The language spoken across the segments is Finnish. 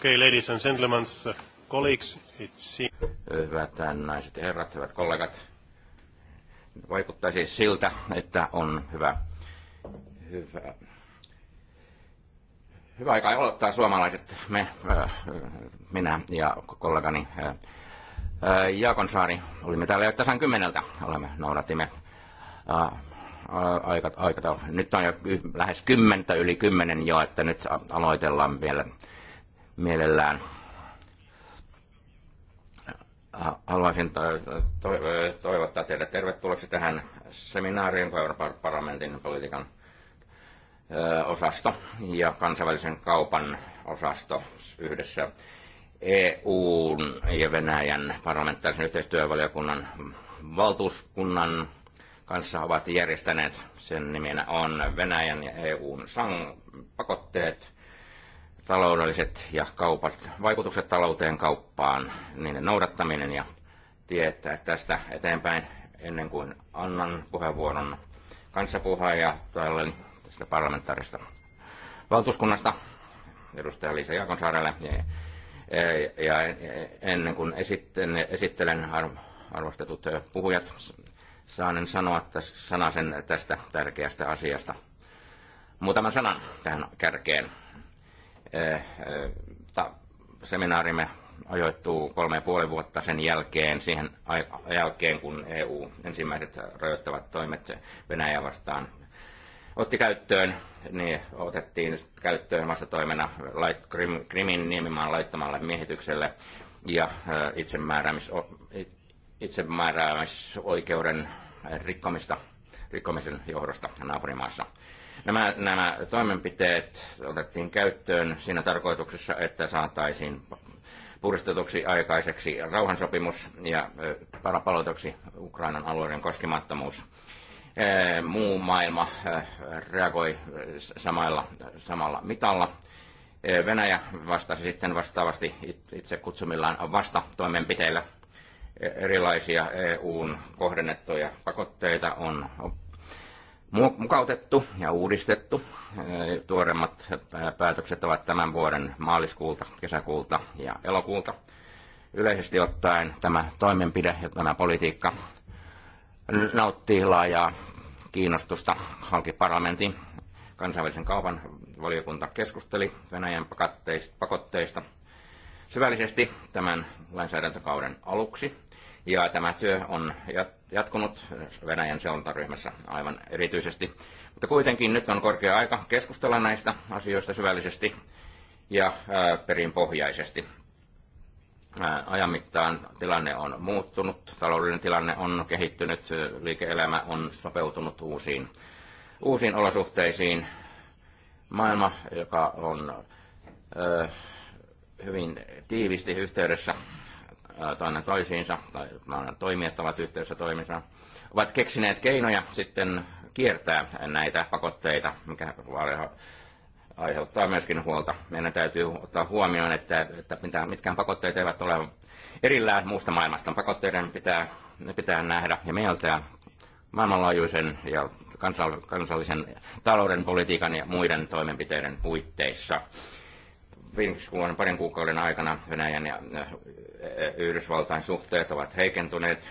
Okay, ladies and gentlemen, colleagues, Hyvät naiset ja herrat, hyvät kollegat. Vaikuttaa siis siltä, että on hyvä, hyvä, hyvä aika aloittaa suomalaiset, me, äh, minä ja kollegani äh, äh Saari, Olimme täällä jo tasan kymmeneltä, olemme, noudatimme äh, aikataulua. Nyt on jo lähes kymmentä yli kymmenen jo, että nyt aloitellaan vielä mielellään. Haluaisin toivottaa teille tervetulleeksi tähän seminaariin, Euroopan parlamentin politiikan osasto ja kansainvälisen kaupan osasto yhdessä EUn ja Venäjän parlamentaarisen yhteistyövaliokunnan valtuuskunnan kanssa ovat järjestäneet. Sen nimenä on Venäjän ja EUn sang- pakotteet taloudelliset ja kaupat, vaikutukset talouteen kauppaan, niiden noudattaminen ja tietää tästä eteenpäin ennen kuin annan puheenvuoron kanssapuheenjohtajalle tästä parlamentaarista valtuuskunnasta, edustaja Liisa Jaakonsaarelle. Ja, ja, ja ennen kuin esitten, esittelen arvostetut puhujat, saanen sanoa tässä sanasen tästä tärkeästä asiasta. Muutaman sanan tähän kärkeen Eh, eh, seminaarimme ajoittuu kolme ja puoli vuotta sen jälkeen, siihen jälkeen kun EU ensimmäiset rajoittavat toimet Venäjää vastaan otti käyttöön, niin otettiin käyttöön vastatoimena lait, Krim, Krimin niemimaan laittomalle miehitykselle ja eh, itsemääräämis, itsemääräämisoikeuden rikkomista, rikkomisen johdosta naapurimaassa. Nämä, nämä toimenpiteet otettiin käyttöön siinä tarkoituksessa, että saataisiin puristetuksi aikaiseksi rauhansopimus ja palautuksi Ukrainan alueiden koskemattomuus. Muu maailma reagoi samalla, samalla mitalla. Venäjä vastasi sitten vastaavasti itse kutsumillaan vastatoimenpiteillä. Erilaisia EUn kohdennettuja pakotteita on mukautettu ja uudistettu. Tuoremmat päätökset ovat tämän vuoden maaliskuulta, kesäkuulta ja elokuulta. Yleisesti ottaen tämä toimenpide ja tämä politiikka nauttii laajaa kiinnostusta halki parlamentin. Kansainvälisen kaupan valiokunta keskusteli Venäjän pakotteista syvällisesti tämän lainsäädäntökauden aluksi ja tämä työ on jatkunut Venäjän seurantaryhmässä aivan erityisesti. Mutta kuitenkin nyt on korkea aika keskustella näistä asioista syvällisesti ja perinpohjaisesti. Ajan mittaan tilanne on muuttunut, taloudellinen tilanne on kehittynyt, liike-elämä on sopeutunut uusiin, uusiin olosuhteisiin. Maailma, joka on hyvin tiivisti yhteydessä toinen toisiinsa tai toimijat ovat yhteydessä toimissa, ovat keksineet keinoja sitten kiertää näitä pakotteita, mikä aiheuttaa myöskin huolta. Meidän täytyy ottaa huomioon, että, että mitkään pakotteet eivät ole erillään muusta maailmasta. Pakotteiden pitää, ne pitää nähdä ja mieltää maailmanlaajuisen ja kansallisen talouden, politiikan ja muiden toimenpiteiden puitteissa viimeksi vuonna parin kuukauden aikana Venäjän ja äh, äh, Yhdysvaltain suhteet ovat heikentyneet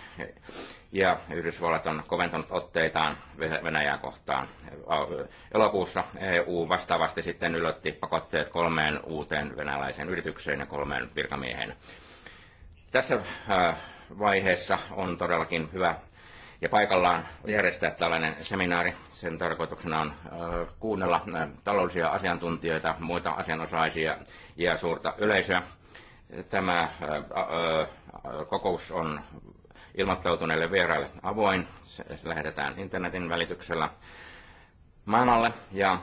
ja Yhdysvallat on koventanut otteitaan Venäjää kohtaan. Äh, elokuussa EU vastaavasti sitten ylötti pakotteet kolmeen uuteen venäläiseen yritykseen ja kolmeen virkamieheen. Tässä vaiheessa on todellakin hyvä ja paikallaan järjestää tällainen seminaari. Sen tarkoituksena on kuunnella taloudellisia asiantuntijoita, muita asianosaisia ja suurta yleisöä. Tämä kokous on ilmoittautuneille vieraille avoin. Se lähetetään internetin välityksellä maailmalle ja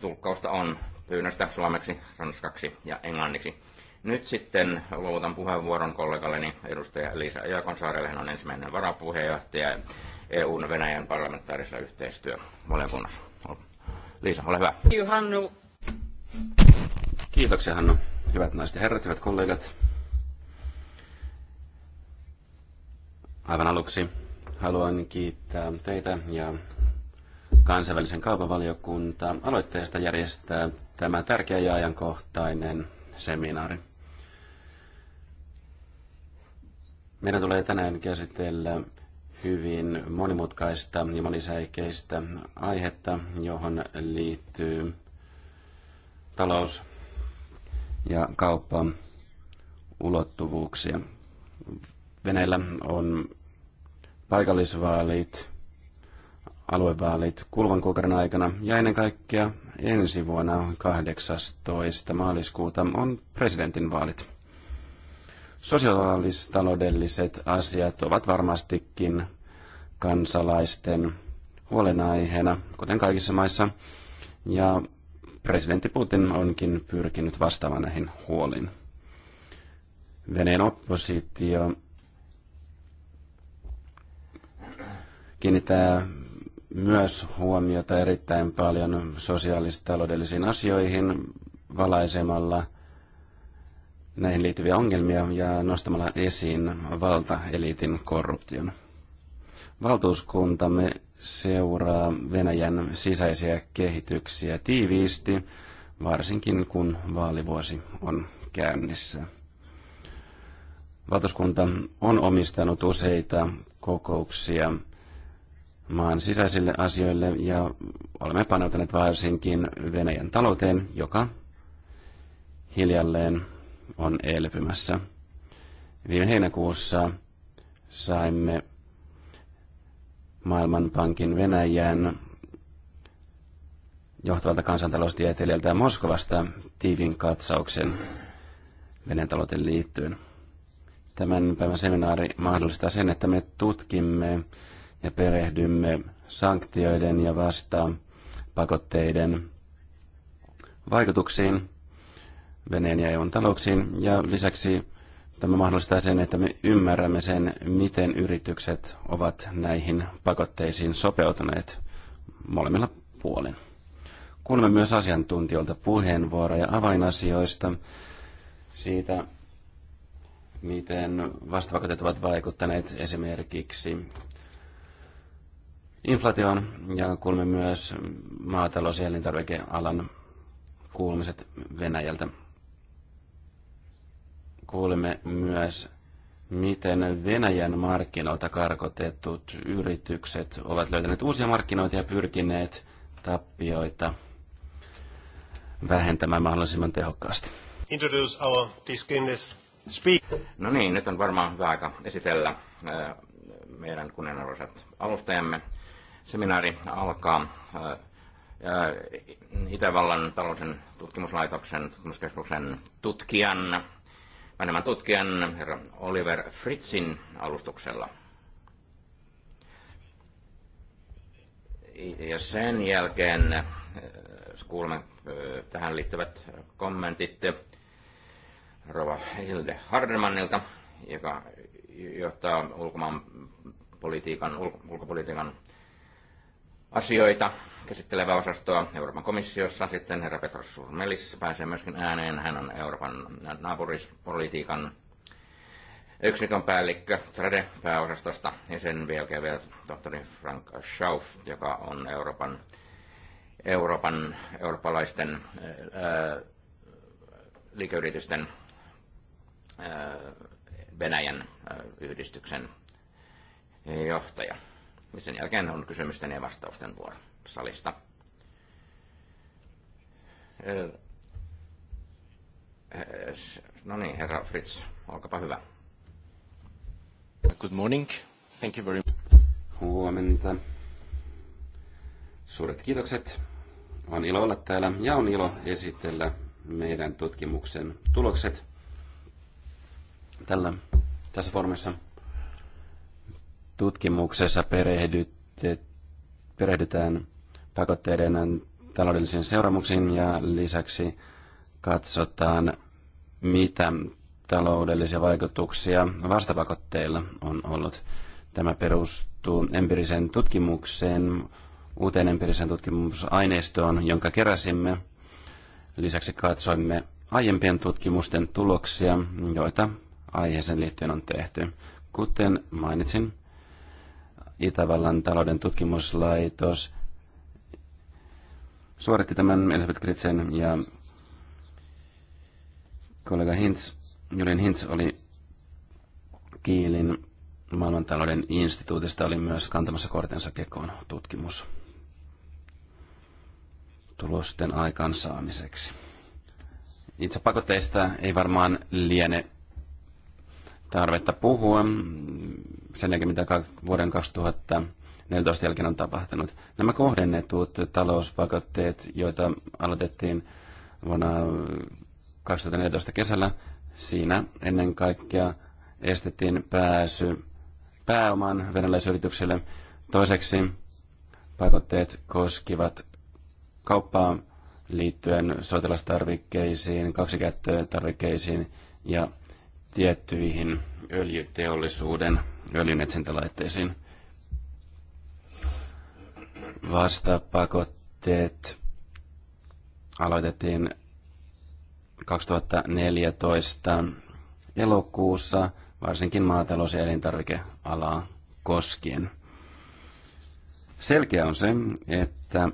tulkkausta on pyynnöstä suomeksi, ranskaksi ja englanniksi. Nyt sitten luovutan puheenvuoron kollegalleni edustaja Liisa Jaakonsaarelle. Hän on ensimmäinen varapuheenjohtaja EUn Venäjän parlamentaarisessa yhteistyövaliokunnassa. Liisa, ole hyvä. Hannu. Kiitoksia Hannu. Hyvät naiset ja herrat, hyvät kollegat. Aivan aluksi haluan kiittää teitä ja kansainvälisen kaupavaliokunta aloitteesta järjestää tämä tärkeä ja ajankohtainen seminaari. Meidän tulee tänään käsitellä hyvin monimutkaista ja monisäikeistä aihetta, johon liittyy talous ja kauppa ulottuvuuksia. Venäjällä on paikallisvaalit, aluevaalit kuluvan kuukauden aikana ja ennen kaikkea ensi vuonna 18. maaliskuuta on presidentinvaalit. Sosiaalistaloudelliset asiat ovat varmastikin kansalaisten huolenaiheena, kuten kaikissa maissa, ja presidentti Putin onkin pyrkinyt vastaamaan näihin huoliin. Venäjän oppositio kiinnittää myös huomiota erittäin paljon sosiaalistaloudellisiin asioihin valaisemalla – näihin liittyviä ongelmia ja nostamalla esiin valtaeliitin korruption. Valtuuskuntamme seuraa Venäjän sisäisiä kehityksiä tiiviisti, varsinkin kun vaalivuosi on käynnissä. Valtuuskunta on omistanut useita kokouksia maan sisäisille asioille ja olemme paneutuneet varsinkin Venäjän talouteen, joka hiljalleen on elpymässä. Viime heinäkuussa saimme Maailmanpankin Venäjän johtavalta kansantaloustieteilijältä Moskovasta tiivin katsauksen Venäjän talouteen liittyen. Tämän päivän seminaari mahdollistaa sen, että me tutkimme ja perehdymme sanktioiden ja vasta pakotteiden vaikutuksiin Venäjän ja EUn talouksiin. Ja lisäksi tämä mahdollistaa sen, että me ymmärrämme sen, miten yritykset ovat näihin pakotteisiin sopeutuneet molemmilla puolin. Kuulemme myös asiantuntijoilta puheenvuoroja avainasioista siitä, miten vastapakotteet ovat vaikuttaneet esimerkiksi inflaatioon ja kuulemme myös maatalous- ja elintarvikealan kuulumiset Venäjältä kuulimme myös, miten Venäjän markkinoilta karkotetut yritykset ovat löytäneet uusia markkinoita ja pyrkineet tappioita vähentämään mahdollisimman tehokkaasti. No niin, nyt on varmaan hyvä aika esitellä meidän kunnianarvoiset alustajamme. Seminaari alkaa Itävallan talouden tutkimuslaitoksen tutkimuskeskuksen tutkijan maailman tutkijan herra Oliver Fritzin alustuksella. Ja sen jälkeen äh, kuulemme äh, tähän liittyvät kommentit äh, Rova Hilde Hardemannilta, joka johtaa ulkomaan politiikan, ulkopolitiikan asioita käsittelevää osastoa Euroopan komissiossa. Sitten herra Petros Surmelis pääsee myöskin ääneen. Hän on Euroopan naapurispolitiikan yksikön päällikkö Trade-pääosastosta ja sen jälkeen vielä tohtori Frank Schauf, joka on Euroopan, Euroopan eurooppalaisten ää, liikeyritysten ää, Venäjän ää, yhdistyksen johtaja. Ja sen jälkeen on kysymysten ja vastausten vuoro salista. Eh, no niin, herra Fritz, olkapa hyvä. Good morning. Thank you very much. Huomenta. Suuret kiitokset. On ilo olla täällä ja on ilo esitellä meidän tutkimuksen tulokset tällä, tässä formissa. Tutkimuksessa perehdytetään pakotteiden taloudellisiin seuraamuksiin ja lisäksi katsotaan, mitä taloudellisia vaikutuksia vastapakotteilla on ollut. Tämä perustuu empiiriseen tutkimukseen, uuteen empiiriseen tutkimusaineistoon, jonka keräsimme. Lisäksi katsoimme aiempien tutkimusten tuloksia, joita aiheeseen liittyen on tehty. Kuten mainitsin, Itävallan talouden tutkimuslaitos suoritti tämän Elisabeth Kritsen ja kollega Hintz, Julian Hintz oli Kiilin maailmantalouden instituutista oli myös kantamassa kortensa kekoon tutkimus tulosten aikaansaamiseksi. Itse pakotteista ei varmaan liene tarvetta puhua. Sen jälkeen, mitä vuoden 2000 14 jälkeen on tapahtunut. Nämä kohdennetut talouspakotteet, joita aloitettiin vuonna 2014 kesällä, siinä ennen kaikkea estettiin pääsy pääoman venäläisyritykselle. Toiseksi pakotteet koskivat kauppaa liittyen sotilastarvikkeisiin, kaksikäyttötarvikkeisiin ja tiettyihin öljyteollisuuden öljynetsintälaitteisiin. Vastapakotteet aloitettiin 2014 elokuussa, varsinkin maatalous- ja elintarvikealaa koskien. Selkeä on se, että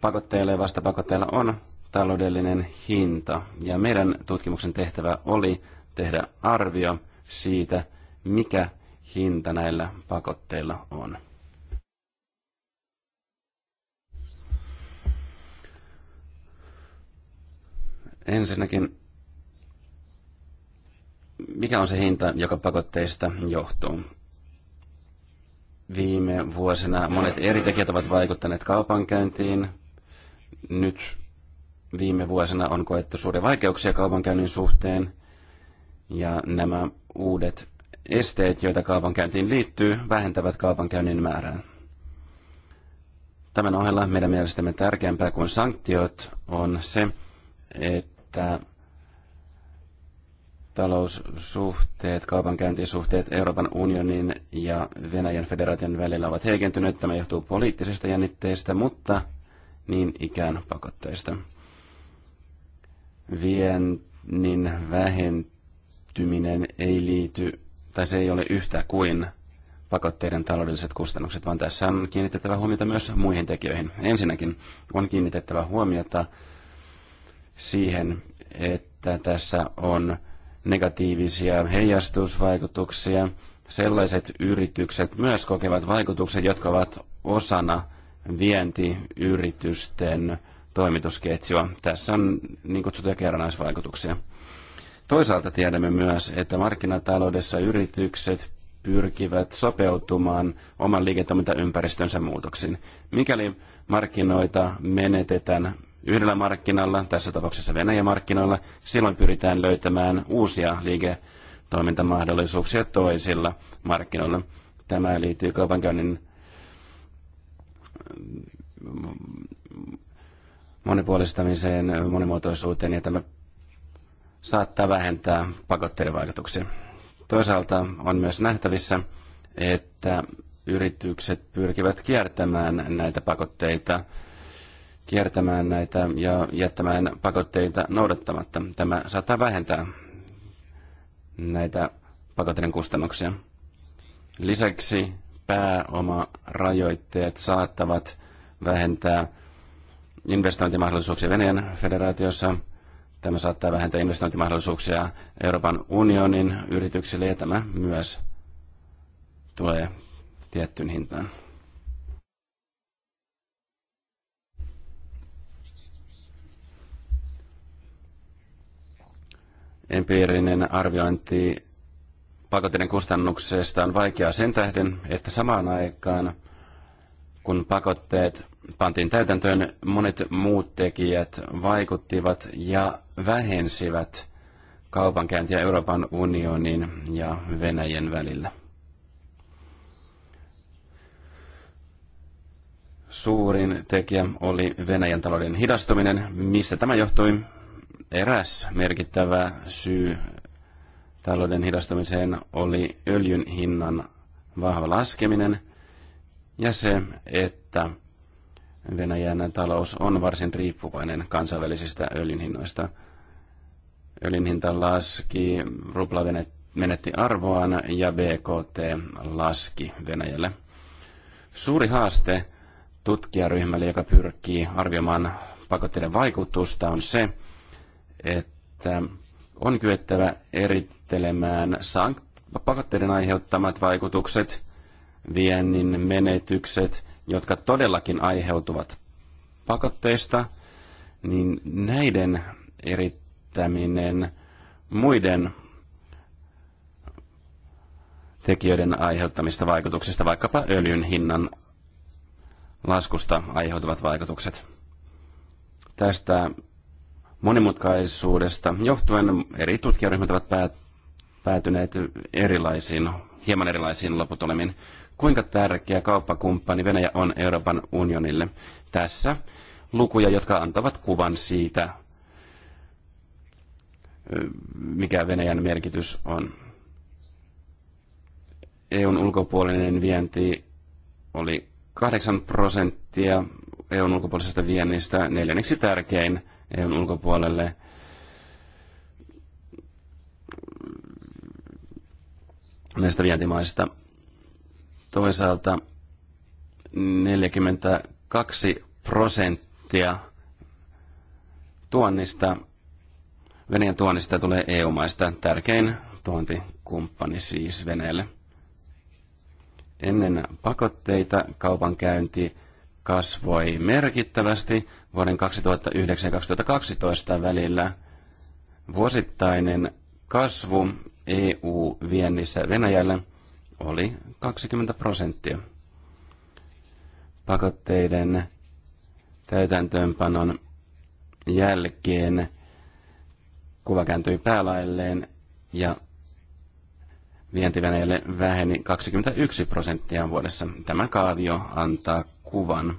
pakotteilla ja vastapakotteilla on taloudellinen hinta. Ja meidän tutkimuksen tehtävä oli tehdä arvio siitä, mikä hinta näillä pakotteilla on. Ensinnäkin, mikä on se hinta, joka pakotteista johtuu? Viime vuosina monet eri tekijät ovat vaikuttaneet kaupankäyntiin. Nyt viime vuosina on koettu suuria vaikeuksia kaupankäynnin suhteen. Ja nämä uudet esteet, joita kaupankäyntiin liittyy, vähentävät kaupankäynnin määrää. Tämän ohella meidän mielestämme tärkeämpää kuin sanktiot on se, että että taloussuhteet, kaupankäyntisuhteet Euroopan unionin ja Venäjän federaation välillä ovat heikentyneet. Tämä johtuu poliittisista jännitteistä, mutta niin ikään pakotteista. Viennin vähentyminen ei liity, tai se ei ole yhtä kuin pakotteiden taloudelliset kustannukset, vaan tässä on kiinnitettävä huomiota myös muihin tekijöihin. Ensinnäkin on kiinnitettävä huomiota siihen, että tässä on negatiivisia heijastusvaikutuksia. Sellaiset yritykset myös kokevat vaikutukset, jotka ovat osana vientiyritysten toimitusketjua. Tässä on niin kutsuttuja kerrannaisvaikutuksia. Toisaalta tiedämme myös, että markkinataloudessa yritykset pyrkivät sopeutumaan oman liiketoimintaympäristönsä muutoksiin. Mikäli markkinoita menetetään yhdellä markkinalla, tässä tapauksessa Venäjän markkinoilla, silloin pyritään löytämään uusia liiketoimintamahdollisuuksia toisilla markkinoilla. Tämä liittyy kaupankäynnin mm, monipuolistamiseen, monimuotoisuuteen ja tämä saattaa vähentää pakotteiden vaikutuksia. Toisaalta on myös nähtävissä, että yritykset pyrkivät kiertämään näitä pakotteita kiertämään näitä ja jättämään pakotteita noudattamatta. Tämä saattaa vähentää näitä pakotteiden kustannuksia. Lisäksi pääomarajoitteet saattavat vähentää investointimahdollisuuksia Venäjän federaatiossa. Tämä saattaa vähentää investointimahdollisuuksia Euroopan unionin yrityksille ja tämä myös tulee tiettyyn hintaan. Empiirinen arviointi pakotteiden kustannuksesta on vaikeaa sen tähden, että samaan aikaan, kun pakotteet pantiin täytäntöön, monet muut tekijät vaikuttivat ja vähensivät kaupankäyntiä Euroopan unionin ja Venäjän välillä. Suurin tekijä oli Venäjän talouden hidastuminen. Mistä tämä johtui? eräs merkittävä syy talouden hidastamiseen oli öljyn hinnan vahva laskeminen ja se, että Venäjän talous on varsin riippuvainen kansainvälisistä öljyn hinnoista. Öljyn hinta laski, rupla menetti arvoaan ja BKT laski Venäjälle. Suuri haaste tutkijaryhmälle, joka pyrkii arvioimaan pakotteiden vaikutusta, on se, että on kyettävä erittelemään sank- pakotteiden aiheuttamat vaikutukset, viennin menetykset, jotka todellakin aiheutuvat pakotteista, niin näiden erittäminen muiden tekijöiden aiheuttamista vaikutuksista, vaikkapa öljyn hinnan laskusta aiheutuvat vaikutukset. Tästä monimutkaisuudesta johtuen eri tutkijaryhmät ovat päätyneet erilaisiin, hieman erilaisiin lopputulemiin. Kuinka tärkeä kauppakumppani Venäjä on Euroopan unionille? Tässä lukuja, jotka antavat kuvan siitä, mikä Venäjän merkitys on. EUn ulkopuolinen vienti oli 8 prosenttia EUn ulkopuolisesta viennistä, neljänneksi tärkein EUn ulkopuolelle. näistä vientimaisista. Toisaalta 42 prosenttia tuonnista, Venäjän tuonnista tulee EU-maista, tärkein tuontikumppani siis Venäjälle. Ennen pakotteita kaupankäynti kasvoi merkittävästi vuoden 2009 ja 2012 välillä. Vuosittainen kasvu EU-viennissä Venäjälle oli 20 prosenttia. Pakotteiden täytäntöönpanon jälkeen kuva kääntyi päälailleen ja vientiveneille väheni 21 prosenttia vuodessa. Tämä kaavio antaa kuvan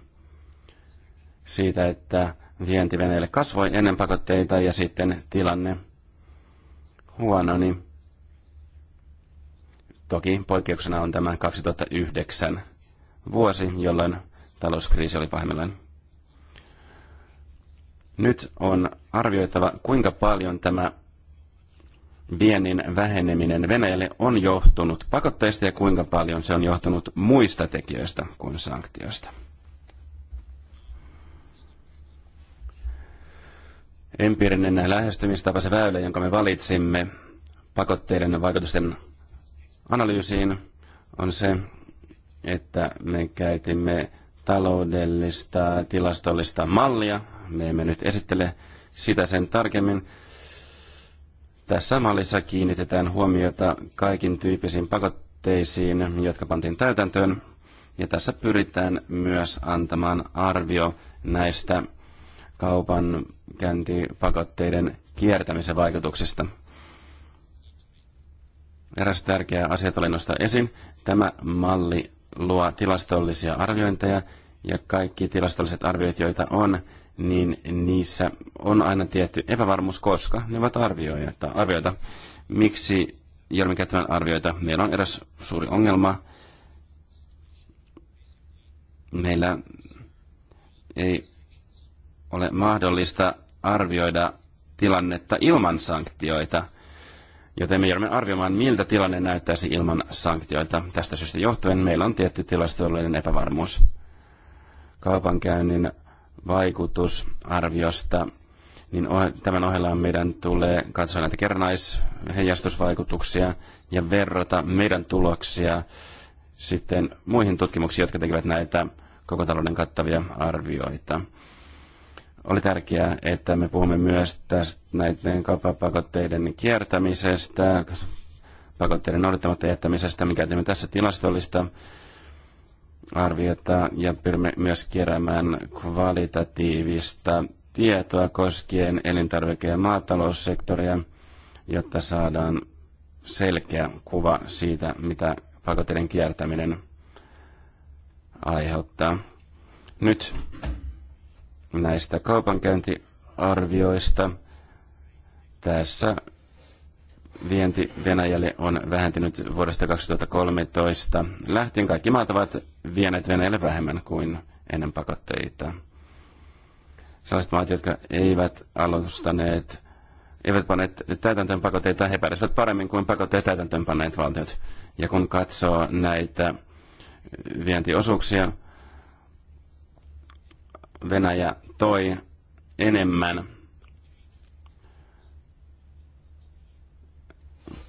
siitä, että vientiveneille kasvoi ennen pakotteita ja sitten tilanne huononi. Toki poikkeuksena on tämä 2009 vuosi, jolloin talouskriisi oli pahimmillaan. Nyt on arvioitava, kuinka paljon tämä viennin väheneminen Venäjälle on johtunut pakotteista ja kuinka paljon se on johtunut muista tekijöistä kuin sanktioista? Empiirinen lähestymistapa, se väylä, jonka me valitsimme pakotteiden vaikutusten analyysiin, on se, että me käytimme taloudellista, tilastollista mallia. Me emme nyt esittele sitä sen tarkemmin tässä mallissa kiinnitetään huomiota kaikin tyyppisiin pakotteisiin, jotka pantiin täytäntöön, ja tässä pyritään myös antamaan arvio näistä kaupan käyntipakotteiden kiertämisen vaikutuksista. Eräs tärkeä asia oli nostaa esiin. Tämä malli luo tilastollisia arviointeja ja kaikki tilastolliset arviot, joita on, niin niissä on aina tietty epävarmuus, koska ne ovat arvioita. arvioita. Miksi Jormi käyttämään arvioita? Meillä on eräs suuri ongelma. Meillä ei ole mahdollista arvioida tilannetta ilman sanktioita, joten me joudumme arvioimaan, miltä tilanne näyttäisi ilman sanktioita. Tästä syystä johtuen meillä on tietty tilastollinen epävarmuus. Kaupankäynnin vaikutusarviosta, niin tämän ohella meidän tulee katsoa näitä kerranaisheijastusvaikutuksia ja verrata meidän tuloksia sitten muihin tutkimuksiin, jotka tekevät näitä koko talouden kattavia arvioita. Oli tärkeää, että me puhumme myös tästä näiden kauppapakotteiden kiertämisestä, pakotteiden noudattamatta jättämisestä, mikä teemme tässä tilastollista arviota ja pyrimme myös keräämään kvalitatiivista tietoa koskien elintarvike- ja maataloussektoria, jotta saadaan selkeä kuva siitä, mitä pakotteiden kiertäminen aiheuttaa. Nyt näistä kaupankäyntiarvioista tässä vienti Venäjälle on vähentynyt vuodesta 2013 lähtien. Kaikki maat ovat vieneet Venäjälle vähemmän kuin ennen pakotteita. Sellaiset maat, jotka eivät alustaneet, eivät paneet täytäntöön pakotteita, he pärjäsivät paremmin kuin pakotteet täytäntöön paneet valtiot. Ja kun katsoo näitä vientiosuuksia, Venäjä toi enemmän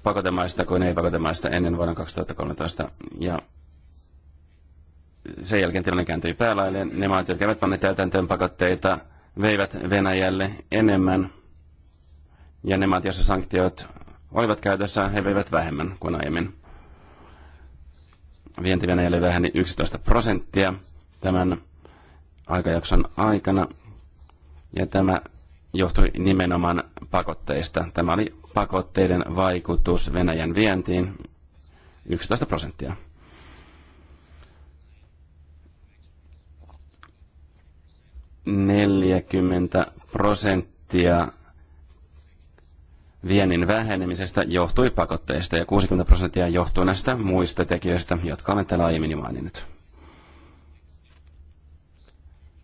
pakotemaista kuin ei-pakotemaista ennen vuonna 2013. Ja sen jälkeen tilanne kääntyi päälailleen. Ne maat, jotka eivät panneet täytäntöön pakotteita, veivät Venäjälle enemmän. Ja ne maat, joissa sanktiot olivat käytössä, he veivät vähemmän kuin aiemmin. Vienti Venäjälle väheni 11 prosenttia tämän aikajakson aikana. Ja tämä johtui nimenomaan pakotteista. Tämä oli pakotteiden vaikutus Venäjän vientiin 11 prosenttia. Neljäkymmentä prosenttia viennin vähenemisestä johtui pakotteista ja 60 prosenttia johtuu näistä muista tekijöistä, jotka olen täällä aiemmin maininnut.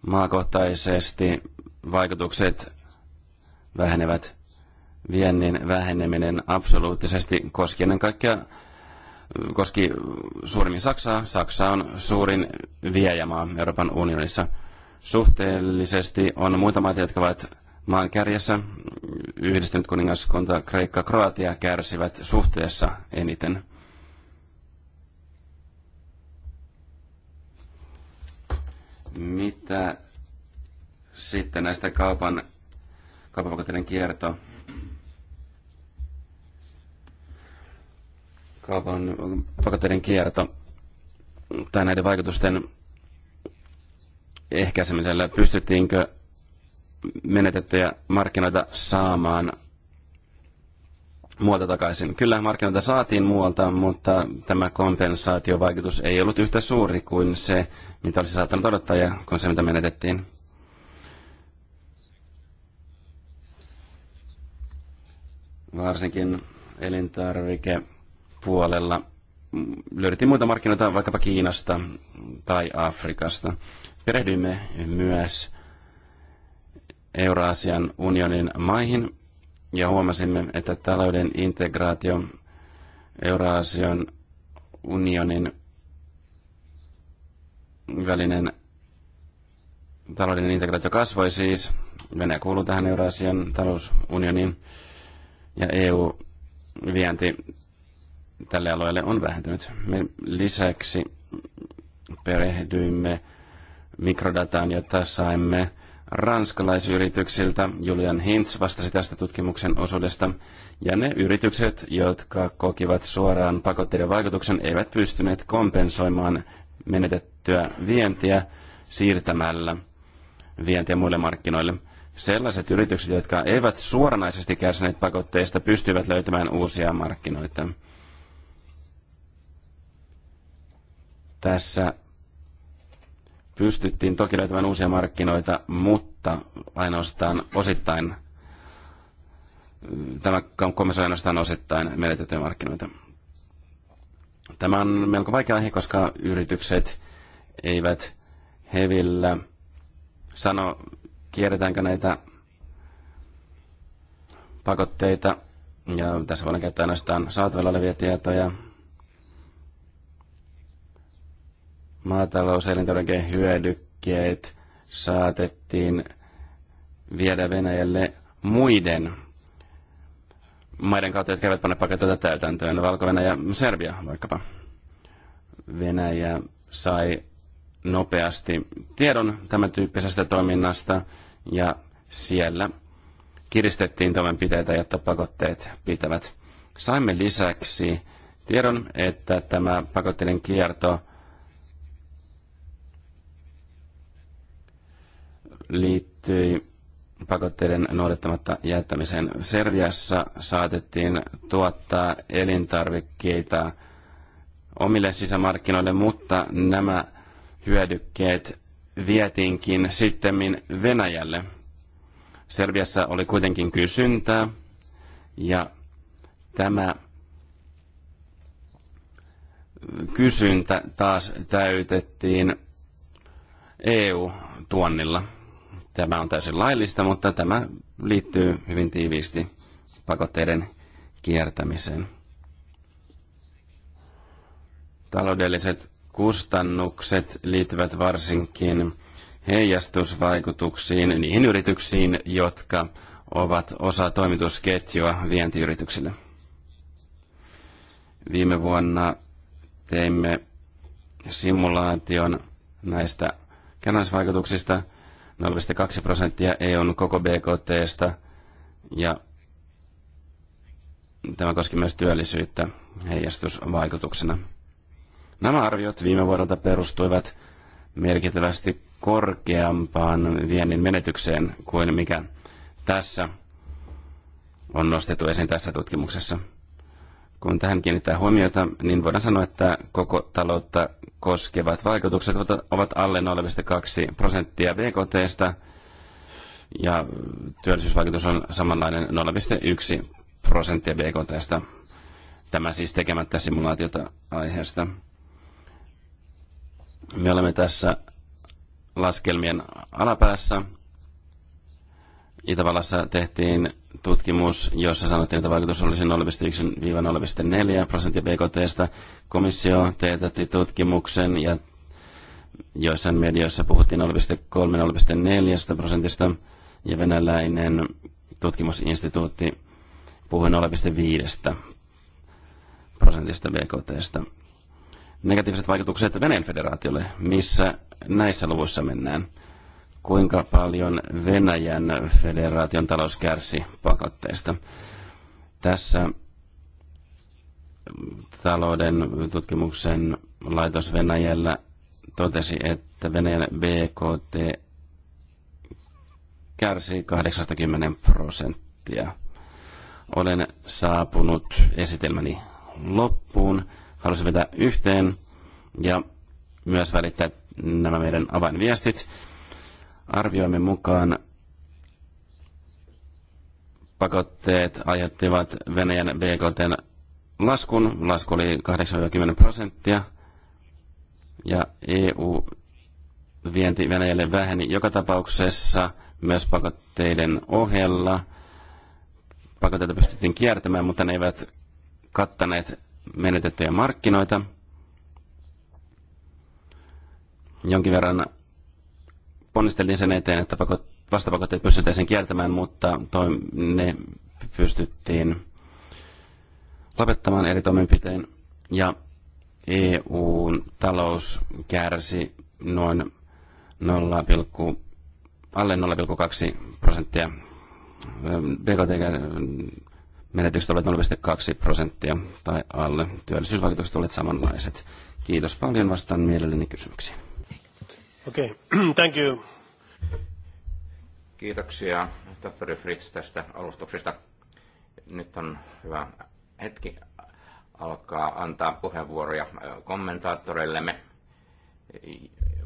Maakohtaisesti vaikutukset vähenevät viennin väheneminen absoluuttisesti koski ennen kaikkea koski suurimmin Saksaa. Saksa on suurin viejämaa Euroopan unionissa. Suhteellisesti on muita maita, jotka ovat maan kärjessä. Yhdistynyt kuningaskunta, Kreikka, Kroatia kärsivät suhteessa eniten. Mitä sitten näistä kaupan, kauppapakotteiden kierto kaupan pakotteiden kierto tai näiden vaikutusten ehkäisemisellä, pystyttiinkö menetettyjä markkinoita saamaan muualta takaisin. Kyllä markkinoita saatiin muualta, mutta tämä kompensaatiovaikutus ei ollut yhtä suuri kuin se, mitä olisi saattanut odottaa ja kuin se, mitä menetettiin. Varsinkin elintarvike puolella mm, löydettiin muita markkinoita vaikkapa Kiinasta tai Afrikasta. Perehdyimme myös Euraasian unionin maihin ja huomasimme, että talouden integraatio Euraasian unionin välinen taloudellinen integraatio kasvoi siis. Venäjä kuuluu tähän Euraasian talousunioniin ja EU-vienti tälle alueelle on vähentynyt. Me lisäksi perehdyimme mikrodataan, jota saimme ranskalaisyrityksiltä. Julian Hintz vastasi tästä tutkimuksen osuudesta. Ja ne yritykset, jotka kokivat suoraan pakotteiden vaikutuksen, eivät pystyneet kompensoimaan menetettyä vientiä siirtämällä vientiä muille markkinoille. Sellaiset yritykset, jotka eivät suoranaisesti kärsineet pakotteista, pystyvät löytämään uusia markkinoita. Tässä pystyttiin toki löytämään uusia markkinoita, mutta ainoastaan osittain tämä komissio ainoastaan osittain menetettyjä markkinoita. Tämä on melko vaikea aihe, koska yritykset eivät hevillä sano, kierretäänkö näitä pakotteita. Ja tässä voidaan käyttää ainoastaan saatavilla olevia tietoja, maatalous- hyödykkeet saatettiin viedä Venäjälle muiden maiden kautta, jotka eivät pane paketteja täytäntöön. Valko-Venäjä, Serbia vaikkapa. Venäjä sai nopeasti tiedon tämän tyyppisestä toiminnasta ja siellä kiristettiin toimenpiteitä, jotta pakotteet pitävät. Saimme lisäksi tiedon, että tämä pakotteiden kierto – liittyi pakotteiden noudattamatta jättämiseen. Serviassa saatettiin tuottaa elintarvikkeita omille sisämarkkinoille, mutta nämä hyödykkeet vietiinkin sitten Venäjälle. Serviassa oli kuitenkin kysyntää ja tämä kysyntä taas täytettiin EU-tuonnilla. Tämä on täysin laillista, mutta tämä liittyy hyvin tiiviisti pakotteiden kiertämiseen. Taloudelliset kustannukset liittyvät varsinkin heijastusvaikutuksiin niihin yrityksiin, jotka ovat osa toimitusketjua vientiyrityksille. Viime vuonna teimme simulaation näistä kerrannaisvaikutuksista – 0,2 prosenttia EUn koko BKTstä ja tämä koski myös työllisyyttä heijastusvaikutuksena. Nämä arviot viime vuodelta perustuivat merkittävästi korkeampaan viennin menetykseen kuin mikä tässä on nostettu esiin tässä tutkimuksessa. Kun tähän kiinnittää huomiota, niin voidaan sanoa, että koko taloutta koskevat vaikutukset ovat alle 0,2 prosenttia BKTstä ja työllisyysvaikutus on samanlainen 0,1 prosenttia BKTstä. Tämä siis tekemättä simulaatiota aiheesta. Me olemme tässä laskelmien alapäässä. Itävallassa tehtiin tutkimus, jossa sanottiin, että vaikutus olisi 0,1-0,4 prosenttia BKTstä. Komissio teetätti tutkimuksen ja joissain medioissa puhuttiin 0,3-0,4 prosentista ja venäläinen tutkimusinstituutti puhui 0,5 prosentista BKTstä. Negatiiviset vaikutukset Venäjän federaatiolle, missä näissä luvuissa mennään kuinka paljon Venäjän federaation talous kärsi pakotteista. Tässä talouden tutkimuksen laitos Venäjällä totesi, että Venäjän BKT kärsi 80 prosenttia. Olen saapunut esitelmäni loppuun. Halusin vetää yhteen ja myös välittää nämä meidän avainviestit. Arvioimme mukaan pakotteet aiheuttivat Venäjän BKT laskun. Lasku oli 80 prosenttia ja EU-vienti Venäjälle väheni joka tapauksessa myös pakotteiden ohella. Pakotteita pystyttiin kiertämään, mutta ne eivät kattaneet menetettyjä markkinoita. Jonkin verran ponnisteltiin sen eteen, että pakot, vastapakotteet sen kiertämään, mutta toi, ne pystyttiin lopettamaan eri toimenpitein. Ja EUn talous kärsi noin 0, alle 0,2 prosenttia. BKT menetykset olivat 0,2 prosenttia tai alle. Työllisyysvaikutukset olivat samanlaiset. Kiitos paljon, vastaan mielelläni kysymyksiin. Okei, okay. thank you. Kiitoksia tohtori Fritz tästä alustuksesta. Nyt on hyvä hetki alkaa antaa puheenvuoroja kommentaattoreillemme.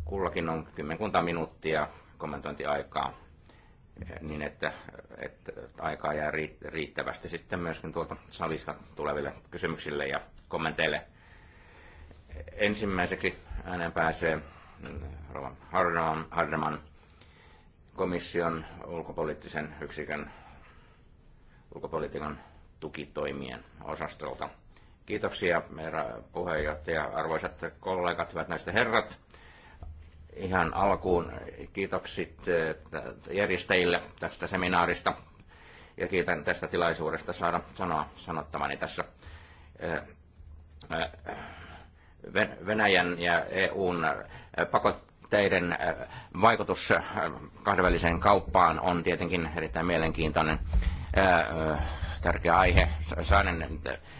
Kullakin on kymmenkunta minuuttia kommentointiaikaa e, niin, että, että aikaa jää riittävästi sitten myöskin tuolta salista tuleville kysymyksille ja kommenteille. Ensimmäiseksi ääneen pääsee Hardeman komission ulkopoliittisen yksikön ulkopolitiikan tukitoimien osastolta. Kiitoksia, herra puheenjohtaja, arvoisat kollegat, hyvät näistä herrat. Ihan alkuun kiitokset järjestäjille tästä seminaarista ja kiitän tästä tilaisuudesta saada sanoa sanottamani tässä Venäjän ja EUn äh, pakotteiden äh, vaikutus äh, kahdenväliseen kauppaan on tietenkin erittäin mielenkiintoinen tärkeä aihe. Saan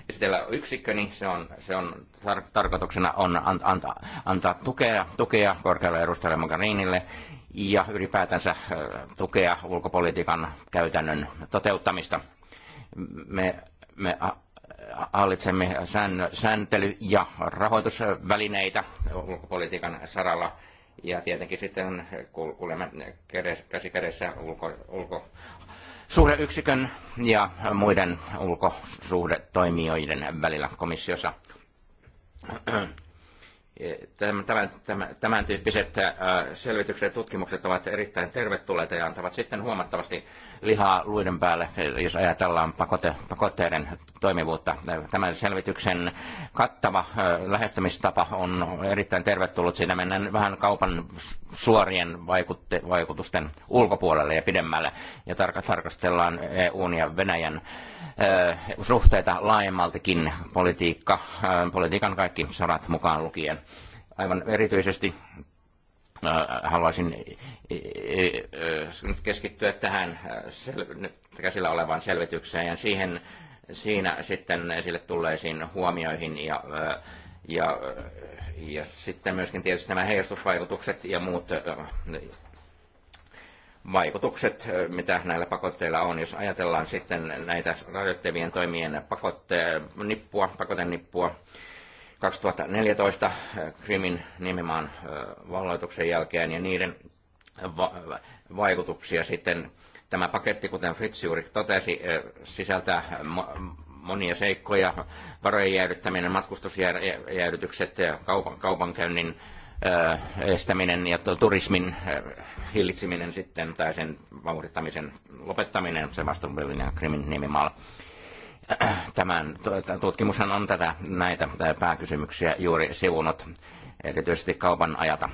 esitellä yksikköni, se on, se on tar- tarkoituksena on anta, antaa tukea, tukea korkealle edustajalle Magarinille ja ylipäätänsä tukea ulkopolitiikan käytännön toteuttamista. Me, me hallitsemme sääntely- ja rahoitusvälineitä ulkopolitiikan saralla. Ja tietenkin sitten kuulemme käsi kädessä ulko, ulko, suhdeyksikön ja muiden ulkosuhdetoimijoiden välillä komissiossa. Tämän, tämän, tämän tyyppiset äh, selvitykset ja tutkimukset ovat erittäin tervetulleita ja antavat sitten huomattavasti lihaa luiden päälle, jos ajatellaan pakote, pakotteiden toimivuutta. Tämän selvityksen kattava äh, lähestymistapa on erittäin tervetullut. Siinä mennään vähän kaupan suorien vaikutte, vaikutusten ulkopuolelle ja pidemmälle ja tarkastellaan EUn ja Venäjän äh, suhteita laajemmaltikin politiikka, politiikan kaikki sodat mukaan lukien aivan erityisesti haluaisin nyt keskittyä tähän käsillä olevaan selvitykseen ja siihen, siinä sitten esille tulleisiin huomioihin ja, ja, ja sitten myöskin tietysti nämä heijastusvaikutukset ja muut vaikutukset, mitä näillä pakotteilla on. Jos ajatellaan sitten näitä rajoittavien toimien pakotte, nippua, pakotennippua, nippua 2014 äh, Krimin niemimaan äh, valloituksen jälkeen ja niiden va vaikutuksia sitten. Tämä paketti, kuten Fritz juuri totesi, äh, sisältää monia seikkoja, varojen jäädyttäminen, matkustusjäädytykset, kaupan, kaupankäynnin estäminen ja turismin hillitseminen sitten tai sen vauhdittamisen lopettaminen, Sebastian ja Krimin nimimaalla. Tämän tuota, tutkimushan on tätä, näitä pääkysymyksiä juuri sivunut, erityisesti kaupan ajata.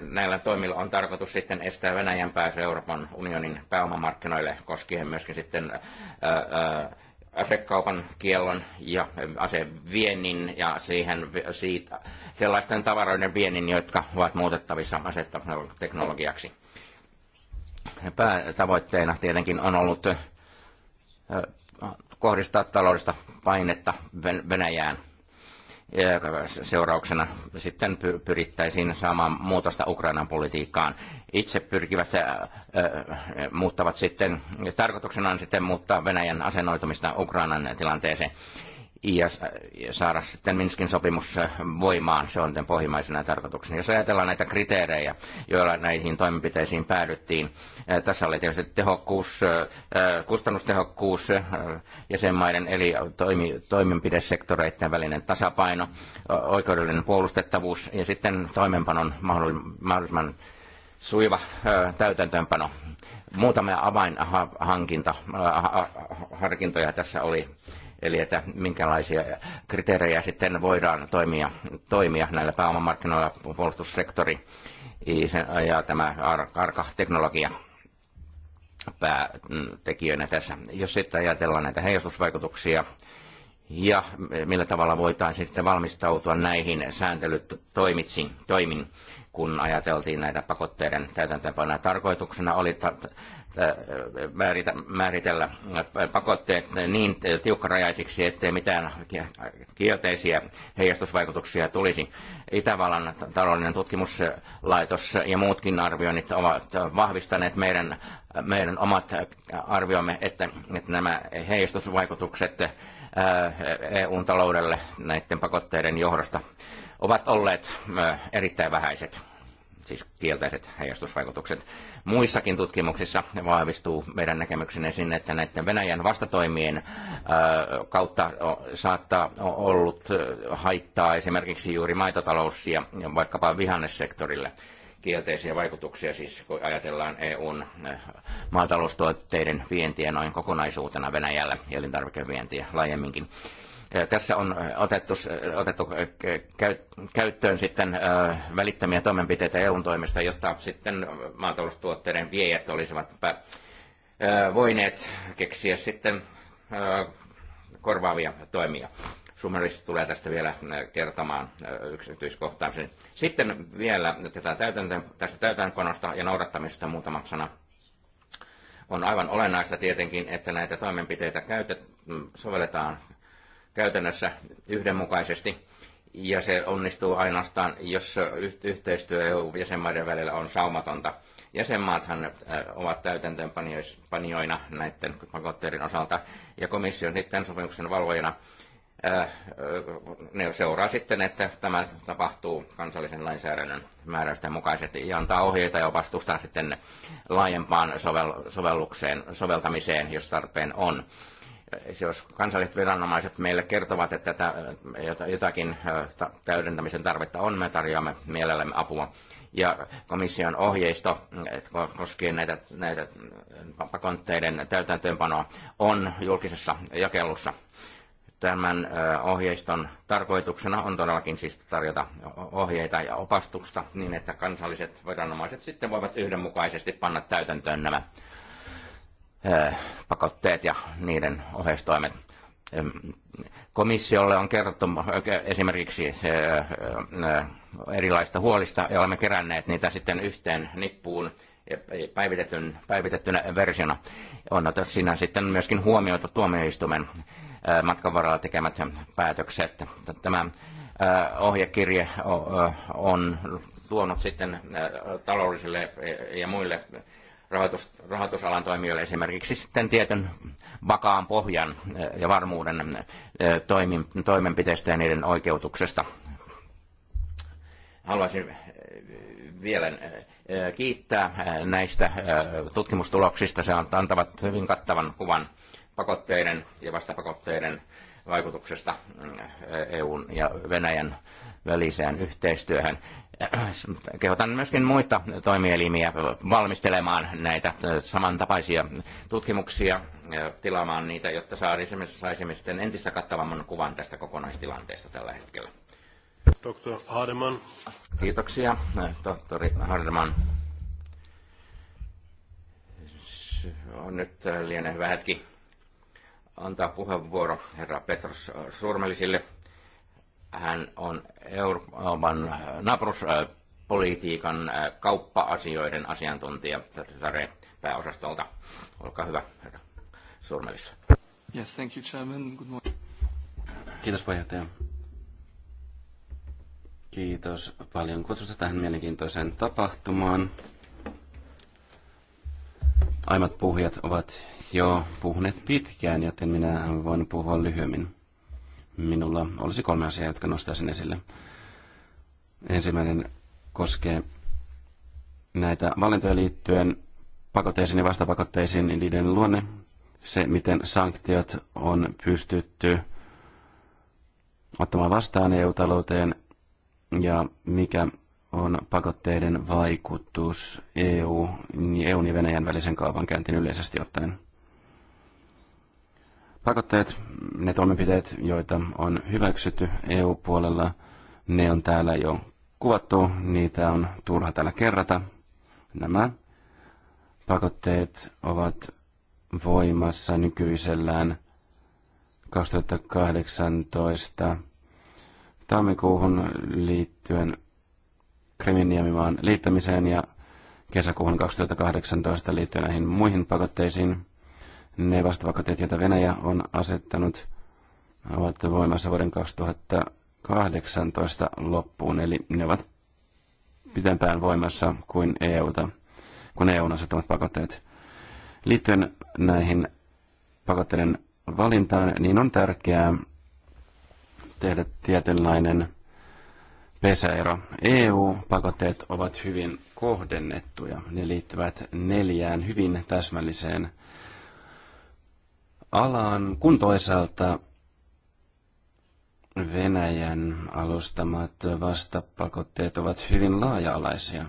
Näillä toimilla on tarkoitus sitten estää Venäjän pääsy Euroopan unionin pääomamarkkinoille koskien myöskin sitten asekaupan kiellon ja aseviennin ja siihen, siitä, sellaisten tavaroiden viennin, jotka ovat muutettavissa aseteknologiaksi. Päätavoitteena tietenkin on ollut kohdistaa taloudellista painetta Venäjään. Seurauksena sitten pyrittäisiin saamaan muutosta Ukrainan politiikkaan. Itse pyrkivät äh, äh, muuttavat sitten, tarkoituksena on sitten muuttaa Venäjän asennoitumista Ukrainan tilanteeseen ja saada sitten Minskin sopimus äh, voimaan. Se on tämän pohjimmaisena tarkoituksena. Jos ajatellaan näitä kriteerejä, joilla näihin toimenpiteisiin päädyttiin, äh, tässä oli tietysti tehokkuus, äh, kustannustehokkuus, jäsenmaiden eli toimi, toimenpidesektoreiden välinen tasapaino, oikeudellinen puolustettavuus ja sitten toimenpanon mahdollisimman sujuva täytäntöönpano. Muutamia avainhankintoja tässä oli Eli että minkälaisia kriteerejä sitten voidaan toimia, toimia näillä pääomamarkkinoilla puolustussektori ja tämä arka teknologia päätekijöinä tässä. Jos sitten ajatellaan näitä heijastusvaikutuksia, ja millä tavalla voitaisiin sitten valmistautua näihin sääntelytoimitsiin, toimin kun ajateltiin näitä pakotteiden täytäntöönpanoja. Tarkoituksena oli määritä, määritellä pakotteet niin tiukkarajaisiksi, ettei mitään kielteisiä heijastusvaikutuksia tulisi. Itävallan taloudellinen tutkimuslaitos ja muutkin arvioinnit ovat vahvistaneet meidän, meidän omat arviomme, että, että nämä heijastusvaikutukset EUn taloudelle näiden pakotteiden johdosta ovat olleet erittäin vähäiset, siis kielteiset heijastusvaikutukset. Muissakin tutkimuksissa vahvistuu meidän näkemyksenne sinne, että näiden Venäjän vastatoimien kautta saattaa ollut haittaa esimerkiksi juuri maitotalous ja vaikkapa vihannessektorille kielteisiä vaikutuksia, siis kun ajatellaan EUn maataloustuotteiden vientiä noin kokonaisuutena Venäjälle, elintarvikevientiä laajemminkin. Tässä on otettu, otettu käyttöön sitten välittömiä toimenpiteitä EUn toimesta, jotta sitten maataloustuotteiden viejät olisivat voineet keksiä sitten korvaavia toimia. Summeris tulee tästä vielä kertomaan yksityiskohtaisen. Sitten vielä tätä täytäntö, tästä täytäntöönpanosta ja noudattamisesta muutama sana. On aivan olennaista tietenkin, että näitä toimenpiteitä käytet, sovelletaan käytännössä yhdenmukaisesti. Ja se onnistuu ainoastaan, jos yhteistyö EU-jäsenmaiden välillä on saumatonta. Jäsenmaathan äh, ovat täytäntöönpanijoina näiden pakotteiden osalta, ja komissio sitten sopimuksen valvojana äh, äh, ne seuraa sitten, että tämä tapahtuu kansallisen lainsäädännön määräysten mukaisesti ja antaa ohjeita ja opastusta sitten laajempaan sovellukseen, soveltamiseen, jos tarpeen on jos kansalliset viranomaiset meille kertovat, että jotakin täydentämisen tarvetta on, me tarjoamme mielellämme apua. Ja komission ohjeisto mm, koskien näitä, näitä mm, pakotteiden täytäntöönpanoa on julkisessa jakelussa. Tämän ohjeiston tarkoituksena on todellakin siis tarjota ohjeita ja opastusta niin, että kansalliset viranomaiset sitten voivat yhdenmukaisesti panna täytäntöön nämä Äh, pakotteet ja niiden oheistoimet. Komissiolle on kerrottu äh, esimerkiksi äh, erilaista huolista ja olemme keränneet niitä sitten yhteen nippuun päivitetyn, päivitettynä versiona. On siinä sitten myöskin huomioitu tuomioistuimen matkan varrella tekemät päätökset. Tämä ohjekirje on tuonut sitten taloudellisille e, ja muille rahoitus, rahoitusalan toimijoille esimerkiksi sitten tietyn vakaan pohjan ja varmuuden toimin, toimenpiteistä ja niiden oikeutuksesta. Haluaisin vielä kiittää näistä tutkimustuloksista. Se antavat hyvin kattavan kuvan pakotteiden ja vastapakotteiden vaikutuksesta mm, EUn ja Venäjän väliseen yhteistyöhön. Äh, kehotan myöskin muita toimielimiä valmistelemaan näitä äh, samantapaisia tutkimuksia, tilaamaan niitä, jotta saisimme, saisimme sitten entistä kattavamman kuvan tästä kokonaistilanteesta tällä hetkellä. Dr. Hardeman. Kiitoksia, tohtori äh, Hardeman. On nyt lienee hyvä hetki antaa puheenvuoro herra Petros Surmelisille – hän on Euroopan napruspolitiikan kauppa-asioiden asiantuntija Sare pääosastolta. Olkaa hyvä, herra Surmelis. Yes, thank you, Chairman. Good morning. Kiitos puheenjohtaja. Kiitos paljon kutsusta tähän mielenkiintoiseen tapahtumaan. Aimat puhujat ovat jo puhuneet pitkään, joten minä voin puhua lyhyemmin. Minulla olisi kolme asiaa, jotka nostaisin esille. Ensimmäinen koskee näitä valintoja liittyen pakotteisiin ja vastapakotteisiin, niiden luonne, se miten sanktiot on pystytty ottamaan vastaan EU-talouteen ja mikä on pakotteiden vaikutus EU, EUn ja Venäjän välisen kaupankäyntiin yleisesti ottaen. Pakotteet, ne toimenpiteet, joita on hyväksytty EU-puolella, ne on täällä jo kuvattu, niitä on turha täällä kerrata. Nämä pakotteet ovat voimassa nykyisellään 2018 tammikuuhun liittyen Kriminiemimaan liittämiseen ja kesäkuuhun 2018 liittyen näihin muihin pakotteisiin. Ne vastapakotteet, joita Venäjä on asettanut, ovat voimassa vuoden 2018 loppuun, eli ne ovat pitempään voimassa kuin EUta, kun EUn asettamat pakotteet. Liittyen näihin pakotteiden valintaan, niin on tärkeää tehdä tietynlainen pesäero. EU-pakotteet ovat hyvin kohdennettuja. Ne liittyvät neljään hyvin täsmälliseen alaan, kun toisaalta Venäjän alustamat vastapakotteet ovat hyvin laaja-alaisia.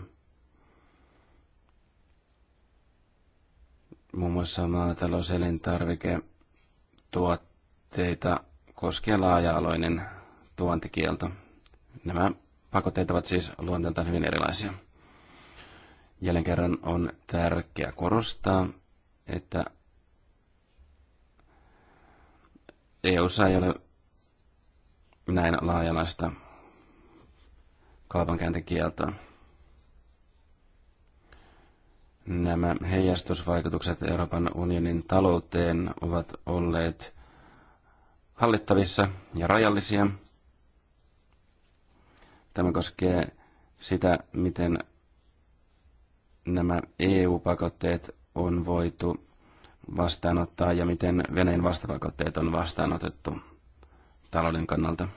Muun muassa maatalouselintarviketuotteita koskee laaja-aloinen tuontikielto. Nämä pakotteet ovat siis luonteeltaan hyvin erilaisia. Jälleen kerran on tärkeää korostaa, että EUssa ei ole näin laajalaista kaupankäyntikieltoa. Nämä heijastusvaikutukset Euroopan unionin talouteen ovat olleet hallittavissa ja rajallisia. Tämä koskee sitä, miten nämä EU-pakotteet on voitu vastaanottaa ja miten Venäjän vastapakotteet on vastaanotettu talouden kannalta.